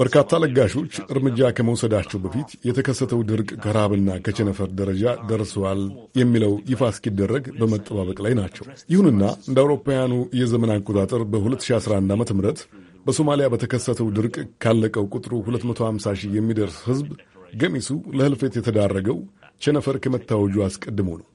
በርካታ ለጋሾች እርምጃ ከመውሰዳቸው በፊት የተከሰተው ድርቅ ከረሃብና ከቸነፈር ደረጃ ደርሰዋል የሚለው ይፋ እስኪደረግ በመጠባበቅ ላይ ናቸው። ይሁንና እንደ አውሮፓውያኑ የዘመን አቆጣጠር በ2011 ዓ ም በሶማሊያ በተከሰተው ድርቅ ካለቀው ቁጥሩ 250 ሺህ የሚደርስ ህዝብ ገሚሱ ለህልፈት የተዳረገው ቸነፈር ከመታወጁ አስቀድሞ ነው።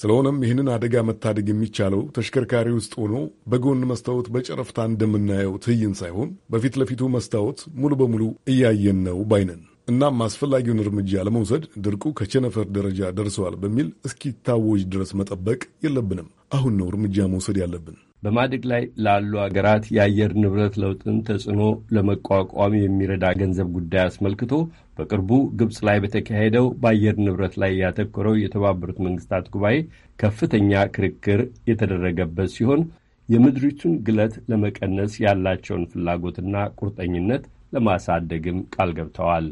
ስለሆነም ይህንን አደጋ መታደግ የሚቻለው ተሽከርካሪ ውስጥ ሆኖ በጎን መስታወት በጨረፍታ እንደምናየው ትዕይንት ሳይሆን በፊት ለፊቱ መስታወት ሙሉ በሙሉ እያየን ነው ባይነን። እናም አስፈላጊውን እርምጃ ለመውሰድ ድርቁ ከቸነፈር ደረጃ ደርሰዋል በሚል እስኪታወጅ ድረስ መጠበቅ የለብንም። አሁን ነው እርምጃ መውሰድ ያለብን። በማደግ ላይ ላሉ አገራት የአየር ንብረት ለውጥን ተጽዕኖ ለመቋቋም የሚረዳ ገንዘብ ጉዳይ አስመልክቶ በቅርቡ ግብፅ ላይ በተካሄደው በአየር ንብረት ላይ ያተኮረው የተባበሩት መንግስታት ጉባኤ ከፍተኛ ክርክር የተደረገበት ሲሆን የምድሪቱን ግለት ለመቀነስ ያላቸውን ፍላጎትና ቁርጠኝነት ለማሳደግም ቃል ገብተዋል።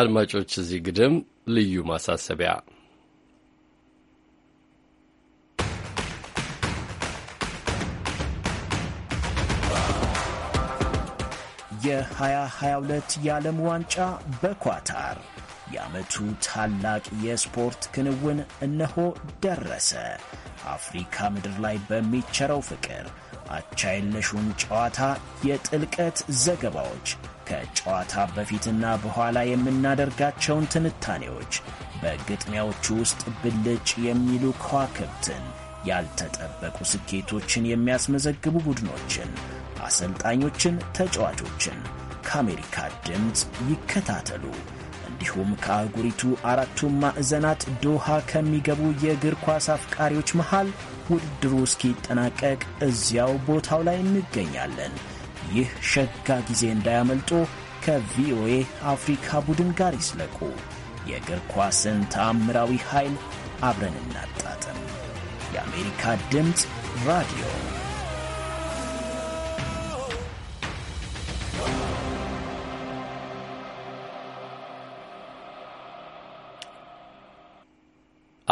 አድማጮች እዚህ ግድም ልዩ ማሳሰቢያ የ2022 የዓለም ዋንጫ በኳታር የዓመቱ ታላቅ የስፖርት ክንውን እነሆ ደረሰ። አፍሪካ ምድር ላይ በሚቸረው ፍቅር አቻ ጨዋታ የጥልቀት ዘገባዎች ከጨዋታ በፊትና በኋላ የምናደርጋቸውን ትንታኔዎች በግጥሚያዎቹ ውስጥ ብልጭ የሚሉ ከዋክብትን ያልተጠበቁ ስኬቶችን የሚያስመዘግቡ ቡድኖችን፣ አሰልጣኞችን፣ ተጫዋቾችን ከአሜሪካ ድምፅ ይከታተሉ። እንዲሁም ከአህጉሪቱ አራቱም ማዕዘናት ዶሃ ከሚገቡ የእግር ኳስ አፍቃሪዎች መሃል ውድድሩ እስኪጠናቀቅ እዚያው ቦታው ላይ እንገኛለን። ይህ ሸጋ ጊዜ እንዳያመልጦ ከቪኦኤ አፍሪካ ቡድን ጋር ይስለቁ። የእግር ኳስን ተአምራዊ ኃይል አብረን እናጣጥም። የአሜሪካ ድምፅ ራዲዮ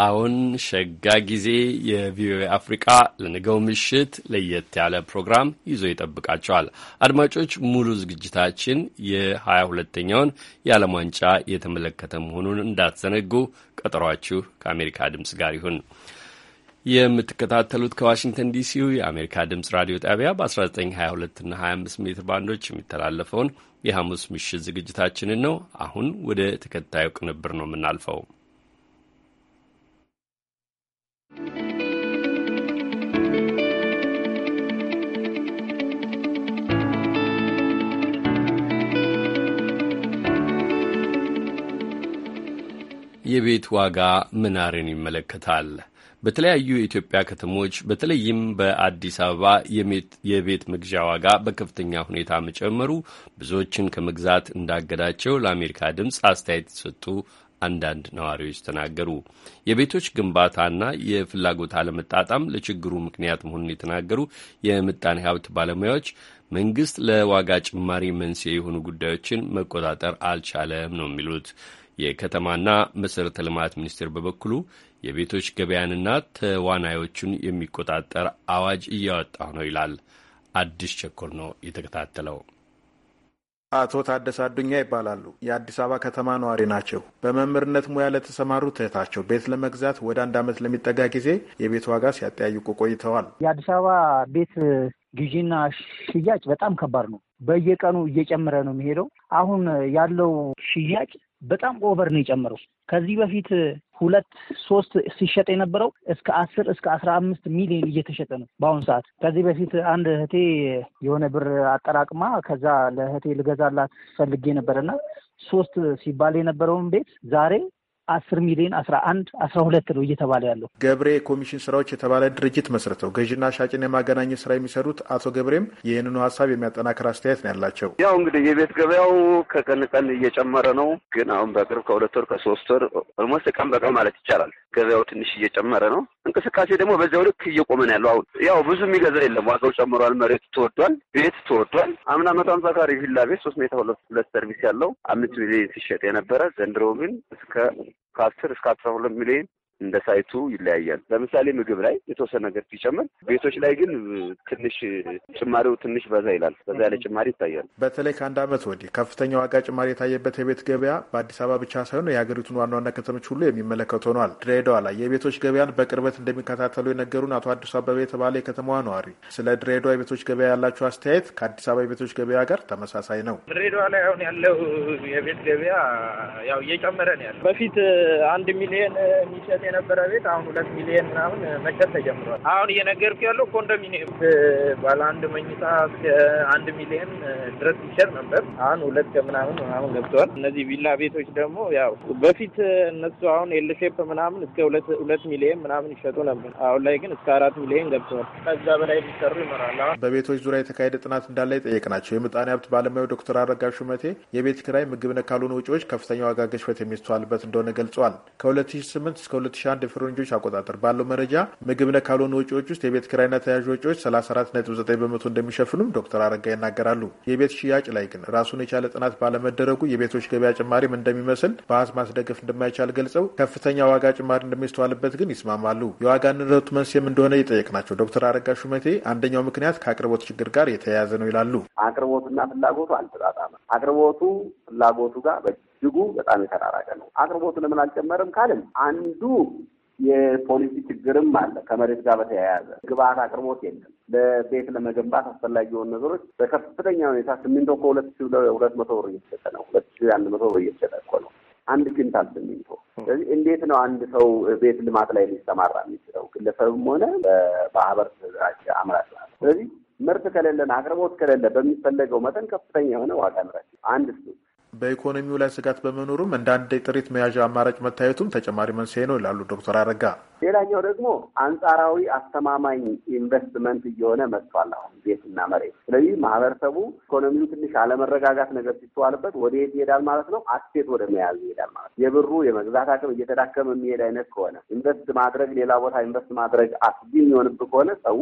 አሁን ሸጋ ጊዜ የቪኦኤ አፍሪቃ ለነገው ምሽት ለየት ያለ ፕሮግራም ይዞ ይጠብቃቸዋል። አድማጮች ሙሉ ዝግጅታችን የሀያ ሁለተኛውን የዓለም ዋንጫ የተመለከተ መሆኑን እንዳትዘነጉ። ቀጠሯችሁ ከአሜሪካ ድምፅ ጋር ይሁን። የምትከታተሉት ከዋሽንግተን ዲሲው የአሜሪካ ድምፅ ራዲዮ ጣቢያ በ1922 እና 25 ሜትር ባንዶች የሚተላለፈውን የሐሙስ ምሽት ዝግጅታችንን ነው። አሁን ወደ ተከታዩ ቅንብር ነው የምናልፈው። የቤት ዋጋ ምናርን ይመለከታል። በተለያዩ የኢትዮጵያ ከተሞች በተለይም በአዲስ አበባ የቤት መግዣ ዋጋ በከፍተኛ ሁኔታ መጨመሩ ብዙዎችን ከመግዛት እንዳገዳቸው ለአሜሪካ ድምፅ አስተያየት የሰጡ አንዳንድ ነዋሪዎች ተናገሩ። የቤቶች ግንባታና የፍላጎት አለመጣጣም ለችግሩ ምክንያት መሆኑን የተናገሩ የምጣኔ ሀብት ባለሙያዎች መንግስት ለዋጋ ጭማሪ መንስኤ የሆኑ ጉዳዮችን መቆጣጠር አልቻለም ነው የሚሉት። የከተማና መሠረተ ልማት ሚኒስቴር በበኩሉ የቤቶች ገበያንና ተዋናዮቹን የሚቆጣጠር አዋጅ እያወጣሁ ነው ይላል። አዲስ ቸኮል ነው የተከታተለው። አቶ ታደሰ አዱኛ ይባላሉ። የአዲስ አበባ ከተማ ነዋሪ ናቸው። በመምህርነት ሙያ ለተሰማሩት እህታቸው ቤት ለመግዛት ወደ አንድ ዓመት ለሚጠጋ ጊዜ የቤት ዋጋ ሲያጠያይቁ ቆይተዋል። የአዲስ አበባ ቤት ግዢና ሽያጭ በጣም ከባድ ነው። በየቀኑ እየጨመረ ነው የሚሄደው። አሁን ያለው ሽያጭ በጣም ኦቨር ነው የጨመረው። ከዚህ በፊት ሁለት ሶስት ሲሸጥ የነበረው እስከ አስር እስከ አስራ አምስት ሚሊዮን እየተሸጠ ነው በአሁኑ ሰዓት። ከዚህ በፊት አንድ እህቴ የሆነ ብር አጠራቅማ ከዛ ለእህቴ ልገዛላት ፈልጌ ና። ሶስት ሲባል የነበረውን ቤት ዛሬ አስር ሚሊዮን አስራ አንድ አስራ ሁለት ነው እየተባለ ያለው። ገብሬ የኮሚሽን ስራዎች የተባለ ድርጅት መስርተው ገዥና ሻጭን የማገናኘት ስራ የሚሰሩት አቶ ገብሬም ይህንኑ ሀሳብ የሚያጠናክር አስተያየት ነው ያላቸው። ያው እንግዲህ የቤት ገበያው ከቀን ቀን እየጨመረ ነው። ግን አሁን በቅርብ ከሁለት ወር ከሶስት ወር ኦልሞስት ቀን በቀን ማለት ይቻላል ገበያው ትንሽ እየጨመረ ነው። እንቅስቃሴ ደግሞ በዚያው ልክ እየቆመ ነው ያለው። አሁን ያው ብዙ የሚገዛ የለም፣ ዋጋው ጨምሯል። መሬቱ ተወዷል፣ ቤት ተወዷል። አምና መቶ አምሳ ካሬ ቪላ ቤት ሶስት ሜታ ሁለት ሁለት ሰርቪስ ያለው አምስት ሚሊዮን ሲሸጥ የነበረ ዘንድሮ ግን እስከ ከአስር እስከ አስራ ሁለት ሚሊዮን እንደ ሳይቱ ይለያያል። ለምሳሌ ምግብ ላይ የተወሰነ ነገር ሲጨምር፣ ቤቶች ላይ ግን ትንሽ ጭማሪው ትንሽ በዛ ይላል። በዛ ያለ ጭማሪ ይታያል። በተለይ ከአንድ ዓመት ወዲህ ከፍተኛ ዋጋ ጭማሪ የታየበት የቤት ገበያ በአዲስ አበባ ብቻ ሳይሆን የሀገሪቱን ዋና ዋና ከተሞች ሁሉ የሚመለከት ሆኗል። ድሬዳዋ ላይ የቤቶች ገበያን በቅርበት እንደሚከታተሉ የነገሩን አቶ አዲሱ አበበ የተባለ የከተማዋ ነዋሪ ስለ ድሬዳዋ የቤቶች ገበያ ያላቸው አስተያየት ከአዲስ አበባ የቤቶች ገበያ ጋር ተመሳሳይ ነው። ድሬዳዋ ላይ አሁን ያለው የቤት ገበያ ያው እየጨመረ ነው ያለው። በፊት አንድ ሚሊዮን የሚሸጥ የነበረ ቤት አሁን ሁለት ሚሊዮን ምናምን መሸጥ ተጀምሯል። አሁን እየነገርኩ ያለው ኮንዶሚኒየም ባለ አንድ መኝታ እስከ አንድ ሚሊዮን ድረስ ይሸጥ ነበር። አሁን ሁለት ከምናምን ምናምን ገብተዋል። እነዚህ ቪላ ቤቶች ደግሞ ያው በፊት እነሱ አሁን ኤልሼፕ ምናምን እስከ ሁለት ሁለት ሚሊዮን ምናምን ይሸጡ ነበር። አሁን ላይ ግን እስከ አራት ሚሊዮን ገብተዋል። ከዛ በላይ ሊሰሩ ይመራል። አሁን በቤቶች ዙሪያ የተካሄደ ጥናት እንዳለ የጠየቅናቸው የምጣኔ ሀብት ባለሙያው ዶክተር አረጋብ ሹመቴ የቤት ኪራይ ምግብ ነክ ካልሆኑ ውጪዎች ከፍተኛ ዋጋ ግሽበት የሚስተዋልበት እንደሆነ ገልጿል ከ ከ2008 እስከ 2001 የፈረንጆች አቆጣጠር ባለው መረጃ ምግብ ነክ ካልሆኑ ወጪዎች ውስጥ የቤት ክራይና ተያዥ ወጪዎች 34.9 በመቶ እንደሚሸፍኑም ዶክተር አረጋ ይናገራሉ። የቤት ሽያጭ ላይ ግን ራሱን የቻለ ጥናት ባለመደረጉ የቤቶች ገበያ ጭማሪም እንደሚመስል በአሃዝ ማስደገፍ እንደማይቻል ገልጸው ከፍተኛ ዋጋ ጭማሪ እንደሚስተዋልበት ግን ይስማማሉ። የዋጋ ንረቱ መንስኤም እንደሆነ የጠየቅናቸው ዶክተር አረጋ ሹመቴ አንደኛው ምክንያት ከአቅርቦት ችግር ጋር የተያያዘ ነው ይላሉ። አቅርቦትና ፍላጎቱ አልተጣጣመ። አቅርቦቱ ፍላጎቱ ጋር እጅጉ በጣም የተራራቀ ነው። አቅርቦቱ ለምን አልጨመርም ካልን አንዱ የፖሊሲ ችግርም አለ። ከመሬት ጋር በተያያዘ ግብአት አቅርቦት የለም። ለቤት ለመገንባት አስፈላጊ የሆኑ ነገሮች በከፍተኛ ሁኔታ ሲሚንቶ ከሁለት ሺ ሁለት መቶ ብር እየተሸጠ ነው። ሁለት ሺ አንድ መቶ ብር እየተሸጠ እኮ ነው አንድ ኩንታል ስሚንቶ። ስለዚህ እንዴት ነው አንድ ሰው ቤት ልማት ላይ ሊሰማራ የሚችለው? ግለሰብም ሆነ በማህበር ተደራጀ አምራች። ስለዚህ ምርት ከሌለን አቅርቦት ከሌለ በሚፈለገው መጠን ከፍተኛ የሆነ ዋጋ ንረት አንድ እሱ በኢኮኖሚው ላይ ስጋት በመኖሩም እንደ አንድ ጥሪት መያዣ አማራጭ መታየቱም ተጨማሪ መንስኤ ነው ይላሉ ዶክተር አረጋ። ሌላኛው ደግሞ አንጻራዊ አስተማማኝ ኢንቨስትመንት እየሆነ መጥቷል፣ አሁን ቤትና መሬት። ስለዚህ ማህበረሰቡ ኢኮኖሚው ትንሽ አለመረጋጋት ነገር ሲተዋልበት ወደ የት ይሄዳል ማለት ነው? አስቴት ወደ መያዝ ይሄዳል ማለት ነው። የብሩ የመግዛት አቅም እየተዳከመ የሚሄድ አይነት ከሆነ ኢንቨስት ማድረግ ሌላ ቦታ ኢንቨስት ማድረግ አስጊ የሚሆንብህ ከሆነ ሰው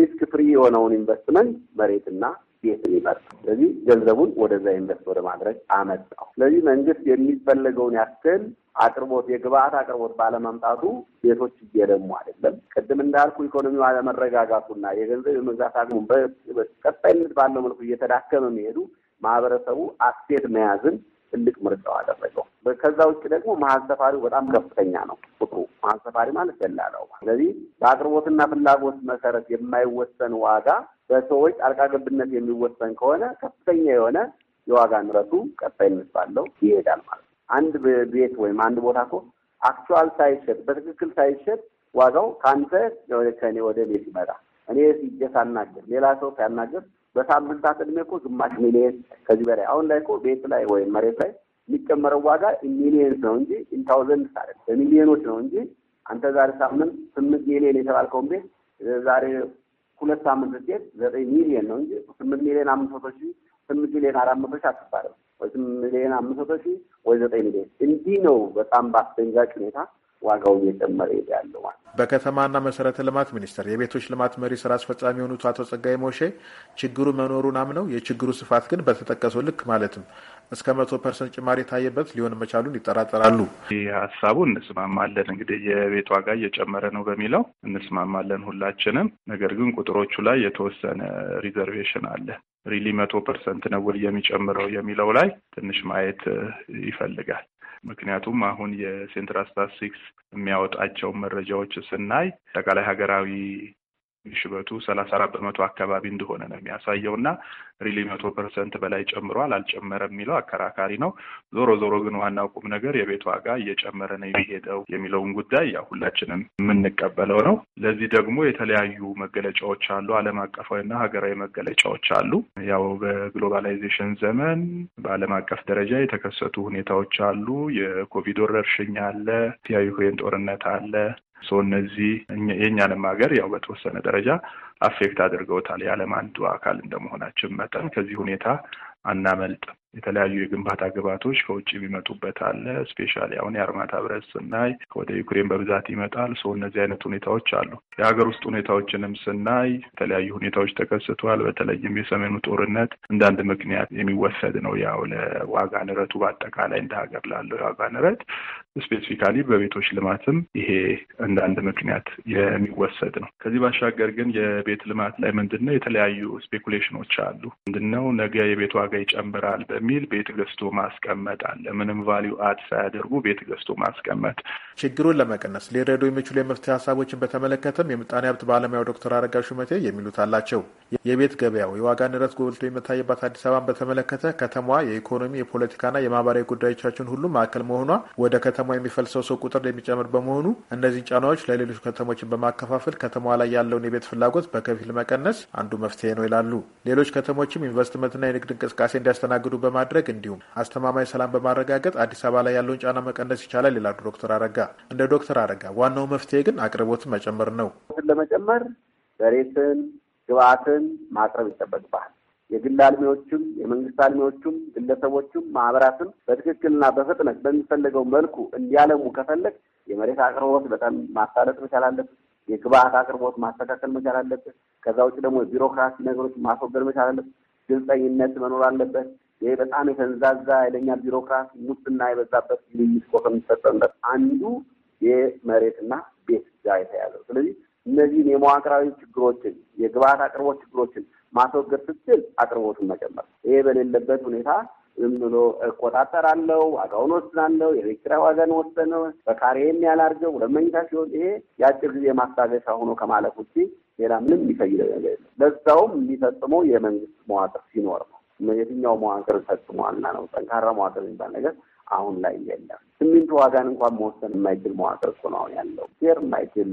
ሪስክ ፍሪ የሆነውን ኢንቨስትመንት መሬትና የት ይመጣ። ስለዚህ ገንዘቡን ወደዛ ኢንቨስት ወደ ማድረግ አመጣው። ስለዚህ መንግስት የሚፈለገውን ያክል አቅርቦት የግብአት አቅርቦት ባለመምጣቱ ቤቶች እየደሙ አይደለም። ቅድም እንዳልኩ ኢኮኖሚው አለመረጋጋቱና የገንዘብ የመግዛት አቅሙ በቀጣይነት ባለው መልኩ እየተዳከመ መሄዱ ማህበረሰቡ አሴት መያዝን ትልቅ ምርጫ አደረገው። ከዛ ውጭ ደግሞ መሀል ሰፋሪው በጣም ከፍተኛ ነው ቁጥሩ። መሀል ሰፋሪ ማለት ደላላው። ስለዚህ በአቅርቦትና ፍላጎት መሰረት የማይወሰን ዋጋ በሰዎች ጣልቃ ገብነት የሚወሰን ከሆነ ከፍተኛ የሆነ የዋጋ ንረቱ ቀጣይነት ባለው ይሄዳል ማለት ነው። አንድ ቤት ወይም አንድ ቦታ እኮ አክቹዋል ሳይሸጥ በትክክል ሳይሸጥ ዋጋው ከአንተ ከእኔ ወደ ቤት ይመጣ እኔ ሲጀ ሳናገር ሌላ ሰው ሲያናገር በሳምንታት እድሜ እኮ ግማሽ ሚሊየን ከዚህ በላይ አሁን ላይ እኮ ቤት ላይ ወይም መሬት ላይ የሚጨመረው ዋጋ ሚሊየንስ ነው እንጂ ኢንታውዘንድ ሳለ በሚሊዮኖች ነው እንጂ አንተ ዛሬ ሳምንት ስምንት ሚሊየን የተባልከውን ቤት ዛሬ ሁለት ሳምንት ስትሄድ ዘጠኝ ሚሊየን ነው እንጂ ስምንት ሚሊየን አምስት መቶ ሺህ ስምንት ሚሊየን አራት መቶ ሺህ አትባልም ወይ ስምንት ሚሊየን አምስት መቶ ሺህ ወይ ዘጠኝ ሚሊየን እንዲህ ነው። በጣም በአስደንጋጭ ሁኔታ ዋጋው እየጨመረ ይሄዳል ማለት ነው። በከተማና መሰረተ ልማት ሚኒስቴር የቤቶች ልማት መሪ ስራ አስፈጻሚ የሆኑት አቶ ጸጋይ ሞሼ ችግሩ መኖሩን አምነው የችግሩ ስፋት ግን በተጠቀሰው ልክ ማለትም እስከ መቶ ፐርሰንት ጭማሪ የታየበት ሊሆን መቻሉን ይጠራጠራሉ። ይህ ሀሳቡ እንስማማለን። እንግዲህ የቤት ዋጋ እየጨመረ ነው በሚለው እንስማማለን ሁላችንም። ነገር ግን ቁጥሮቹ ላይ የተወሰነ ሪዘርቬሽን አለ። ሪሊ መቶ ፐርሰንት ነው የሚጨምረው የሚለው ላይ ትንሽ ማየት ይፈልጋል። ምክንያቱም አሁን የሴንትራል ስታትስቲክስ የሚያወጣቸው መረጃዎች ስናይ አጠቃላይ ሀገራዊ ሽበቱ ሰላሳ አራት በመቶ አካባቢ እንደሆነ ነው የሚያሳየው እና ሪሊ መቶ ፐርሰንት በላይ ጨምሯል አልጨመረም የሚለው አከራካሪ ነው። ዞሮ ዞሮ ግን ዋናው ቁም ነገር የቤት ዋጋ እየጨመረ ነው የሚሄደው የሚለውን ጉዳይ ያ ሁላችንም የምንቀበለው ነው። ለዚህ ደግሞ የተለያዩ መገለጫዎች አሉ። ዓለም አቀፋዊና ሀገራዊ መገለጫዎች አሉ። ያው በግሎባላይዜሽን ዘመን በዓለም አቀፍ ደረጃ የተከሰቱ ሁኔታዎች አሉ። የኮቪድ ወረርሽኝ አለ፣ የዩክሬን ጦርነት አለ፣ ሶ እነዚህ የእኛንም ሀገር ያው በተወሰነ ደረጃ አፌክት አድርገውታል። የዓለም አንዱ አካል እንደመሆናችን መጠን ከዚህ ሁኔታ አናመልጥም። የተለያዩ የግንባታ ግብዓቶች ከውጭ የሚመጡበት አለ። ስፔሻሊ አሁን የአርማታ ብረት ስናይ ወደ ዩክሬን በብዛት ይመጣል። ሰው እነዚህ አይነት ሁኔታዎች አሉ። የሀገር ውስጥ ሁኔታዎችንም ስናይ የተለያዩ ሁኔታዎች ተከስተዋል። በተለይም የሰሜኑ ጦርነት እንዳንድ ምክንያት የሚወሰድ ነው። ያው ለዋጋ ንረቱ በአጠቃላይ እንደ ሀገር ላለው የዋጋ ንረት ስፔሲፊካሊ በቤቶች ልማትም ይሄ እንዳንድ ምክንያት የሚወሰድ ነው። ከዚህ ባሻገር ግን የቤ ቤት ልማት ላይ ምንድን ነው የተለያዩ ስፔኩሌሽኖች አሉ። ምንድን ነው ነገ የቤት ዋጋ ይጨምራል በሚል ቤት ገዝቶ ማስቀመጥ አለ። ምንም ቫሊዩ አድ ሳያደርጉ ቤት ገዝቶ ማስቀመጥ። ችግሩን ለመቀነስ ሊረዱ የሚችሉ የመፍትሄ ሀሳቦችን በተመለከተም የምጣኔ ሀብት ባለሙያው ዶክተር አረጋ ሹመቴ የሚሉት አላቸው። የቤት ገበያው የዋጋ ንረት ጎልቶ የሚታይባት አዲስ አበባን በተመለከተ ከተማዋ የኢኮኖሚ የፖለቲካና የማህበራዊ ጉዳዮቻችን ሁሉ ማዕከል መሆኗ ወደ ከተማ የሚፈልሰው ሰው ቁጥር የሚጨምር በመሆኑ እነዚህን ጫናዎች ለሌሎች ከተሞችን በማከፋፈል ከተማዋ ላይ ያለውን የቤት ፍላጎት በከፊል መቀነስ አንዱ መፍትሄ ነው ይላሉ። ሌሎች ከተሞችም ኢንቨስትመንትና የንግድ እንቅስቃሴ እንዲያስተናግዱ በማድረግ እንዲሁም አስተማማኝ ሰላም በማረጋገጥ አዲስ አበባ ላይ ያለውን ጫና መቀነስ ይቻላል ይላሉ ዶክተር አረጋ። እንደ ዶክተር አረጋ ዋናው መፍትሄ ግን አቅርቦትን መጨመር ነው። ለመጨመር መሬትን ግብአትን ማቅረብ ይጠበቅባል። የግል አልሚዎቹም የመንግስት አልሚዎቹም ግለሰቦቹም ማህበራትም በትክክልና በፍጥነት በሚፈለገው መልኩ እንዲያለሙ ከፈለግ የመሬት አቅርቦት በጣም ማሳለጥ መቻል አለብህ። የግብአት አቅርቦት ማስተካከል መቻል አለብህ። ከዛ ውጭ ደግሞ የቢሮክራሲ ነገሮች ማስወገድ መቻል አለብህ። ግልጸኝነት መኖር አለበት። ይህ በጣም የተንዛዛ ኃይለኛ ቢሮክራሲ፣ ሙስና የበዛበት ልይት ኮ ከሚፈጸምበት አንዱ የመሬትና ቤት ጋር የተያዘ ስለዚህ እነዚህን የመዋቅራዊ ችግሮችን የግብት አቅርቦት ችግሮችን ማስወገድ ስትችል አቅርቦቱን መጨመር። ይሄ በሌለበት ሁኔታ ዝም ብሎ እቆጣጠራለሁ፣ ዋጋውን ወስናለሁ፣ የቤት ኪራይ ዋጋን ወሰነው በካሬ የሚያላርገው ለመኝታ ሲሆን ይሄ የአጭር ጊዜ ማስታገሻ ሆኖ ከማለፍ ውጭ ሌላ ምንም የሚፈይደው ነገር የለም። ለዛውም የሚፈጽመው የመንግስት መዋቅር ሲኖር ነው። የትኛው መዋቅር ፈጽሟልና ነው ጠንካራ መዋቅር የሚባል ነገር አሁን ላይ የለም። ሲሚንቶ ዋጋን እንኳን መወሰን የማይችል መዋቅር እኮ ነው አሁን ያለው። ር የማይችል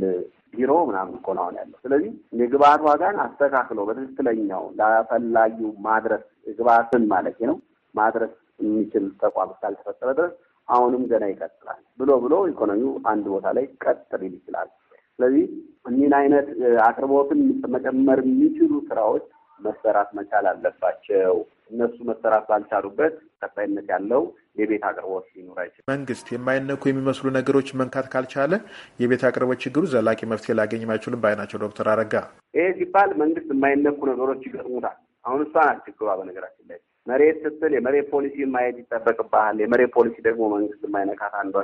ቢሮ ምናምን እኮ ነው አሁን ያለው። ስለዚህ የግብአት ዋጋን አስተካክሎ በትክክለኛው ለፈላጊው ማድረስ ግብአትን ማለት ነው ማድረስ የሚችል ተቋም እስካልተፈጠረ ድረስ አሁንም ገና ይቀጥላል። ብሎ ብሎ ኢኮኖሚው አንድ ቦታ ላይ ቀጥ ሊል ይችላል። ስለዚህ እኒህን አይነት አቅርቦትን መጨመር የሚችሉ ስራዎች መሰራት መቻል አለባቸው። እነሱ መሰራት ባልቻሉበት ቀጣይነት ያለው የቤት አቅርቦት ሊኖር አይችልም። መንግስት የማይነኩ የሚመስሉ ነገሮች መንካት ካልቻለ የቤት አቅርቦት ችግሩ ዘላቂ መፍትሄ ላገኝ አይችልም ባይ ናቸው ዶክተር አረጋ። ይሄ ሲባል መንግስት የማይነኩ ነገሮች ይገጥሙታል። አሁን እሷ ናት ችግሯ። በነገራችን ላይ መሬት ስትል የመሬት ፖሊሲ ማየት ይጠበቅብሃል። የመሬት ፖሊሲ ደግሞ መንግስት የማይነካት አንዷ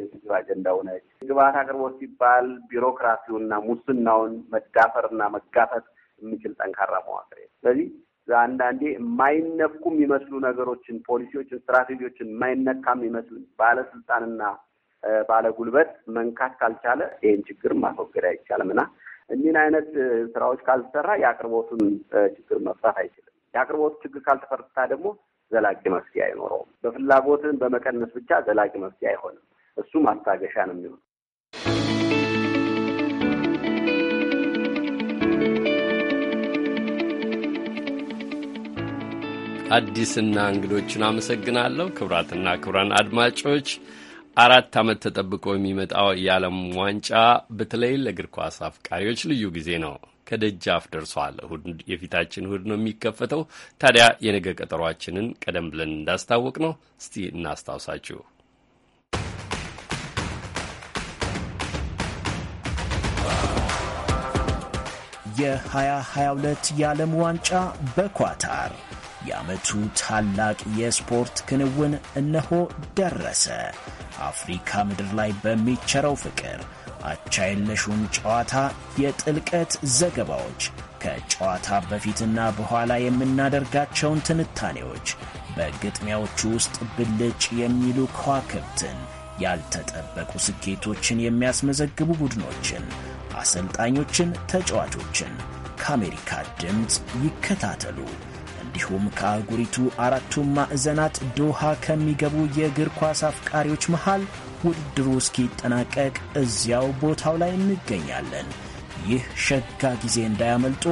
የችግር አጀንዳ ነች። ግብአት አቅርቦት ሲባል ቢሮክራሲውና ሙስናውን መዳፈርና መጋፈጥ የምችል ጠንካራ መዋቅር ስለዚህ አንዳንዴ የማይነኩ የሚመስሉ ነገሮችን፣ ፖሊሲዎችን፣ ስትራቴጂዎችን የማይነካ የሚመስሉ ባለስልጣንና ባለጉልበት መንካት ካልቻለ ይህን ችግር ማስወገድ አይቻልም እና እኒህን አይነት ስራዎች ካልተሰራ የአቅርቦቱን ችግር መፍታት አይችልም። የአቅርቦቱ ችግር ካልተፈታ ደግሞ ዘላቂ መፍትሄ አይኖረውም። በፍላጎትን በመቀነስ ብቻ ዘላቂ መፍትሄ አይሆንም። እሱ ማስታገሻ ነው የሚሆነው። አዲስና እንግዶቹን አመሰግናለሁ። ክቡራትና ክቡራን አድማጮች አራት ዓመት ተጠብቆ የሚመጣው የዓለም ዋንጫ በተለይ ለእግር ኳስ አፍቃሪዎች ልዩ ጊዜ ነው። ከደጃፍ ደርሷል። እሁድ የፊታችን እሁድ ነው የሚከፈተው። ታዲያ የነገ ቀጠሯችንን ቀደም ብለን እንዳስታወቅ ነው እስቲ እናስታውሳችሁ። የ2022 የዓለም ዋንጫ በኳታር የዓመቱ ታላቅ የስፖርት ክንውን እነሆ ደረሰ። አፍሪካ ምድር ላይ በሚቸረው ፍቅር አቻ የለሹን ጨዋታ፣ የጥልቀት ዘገባዎች፣ ከጨዋታ በፊትና በኋላ የምናደርጋቸውን ትንታኔዎች፣ በግጥሚያዎቹ ውስጥ ብልጭ የሚሉ ከዋክብትን፣ ያልተጠበቁ ስኬቶችን የሚያስመዘግቡ ቡድኖችን፣ አሰልጣኞችን፣ ተጫዋቾችን ከአሜሪካ ድምፅ ይከታተሉ። እንዲሁም ከአህጉሪቱ አራቱ ማዕዘናት ዶሃ ከሚገቡ የእግር ኳስ አፍቃሪዎች መሃል ውድድሩ እስኪጠናቀቅ እዚያው ቦታው ላይ እንገኛለን። ይህ ሸጋ ጊዜ እንዳያመልጦ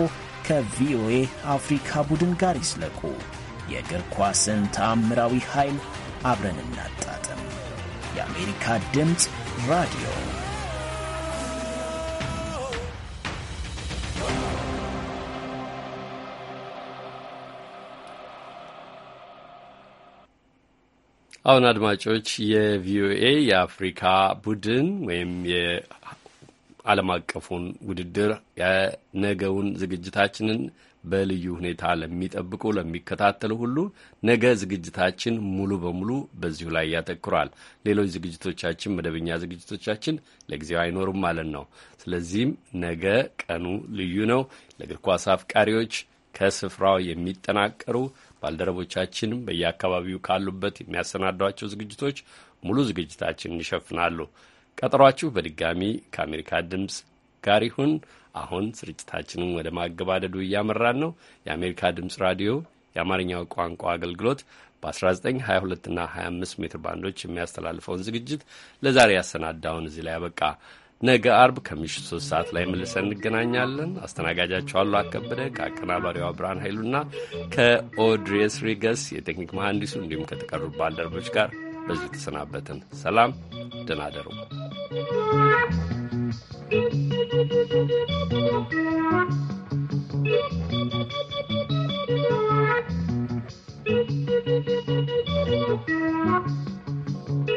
ከቪኦኤ አፍሪካ ቡድን ጋር ይስለቁ። የእግር ኳስን ተአምራዊ ኃይል አብረን እናጣጥም። የአሜሪካ ድምፅ ራዲዮ አሁን አድማጮች የቪኦኤ የአፍሪካ ቡድን ወይም የዓለም አቀፉን ውድድር የነገውን ዝግጅታችንን በልዩ ሁኔታ ለሚጠብቁ ለሚከታተሉ ሁሉ ነገ ዝግጅታችን ሙሉ በሙሉ በዚሁ ላይ ያተኩራል። ሌሎች ዝግጅቶቻችን፣ መደበኛ ዝግጅቶቻችን ለጊዜው አይኖሩም ማለት ነው። ስለዚህም ነገ ቀኑ ልዩ ነው። ለእግር ኳስ አፍቃሪዎች ከስፍራው የሚጠናቀሩ ባልደረቦቻችንም በየአካባቢው ካሉበት የሚያሰናዷቸው ዝግጅቶች ሙሉ ዝግጅታችንን ይሸፍናሉ። ቀጠሯችሁ በድጋሚ ከአሜሪካ ድምፅ ጋር ይሁን። አሁን ስርጭታችንን ወደ ማገባደዱ እያመራን ነው። የአሜሪካ ድምፅ ራዲዮ የአማርኛው ቋንቋ አገልግሎት በ1922 እና 25 ሜትር ባንዶች የሚያስተላልፈውን ዝግጅት ለዛሬ ያሰናዳውን እዚህ ላይ ያበቃ። ነገ አርብ ከምሽቱ ሶስት ሰዓት ላይ መልሰን እንገናኛለን። አሉ አከበደ ከአቀናባሪዋ ብርሃን ኃይሉና ከኦድሬስ ሪገስ የቴክኒክ መሐንዲሱ እንዲሁም ከተቀሩ ባልደረቦች ጋር በዚሁ ተሰናበትን። ሰላም ደህና you.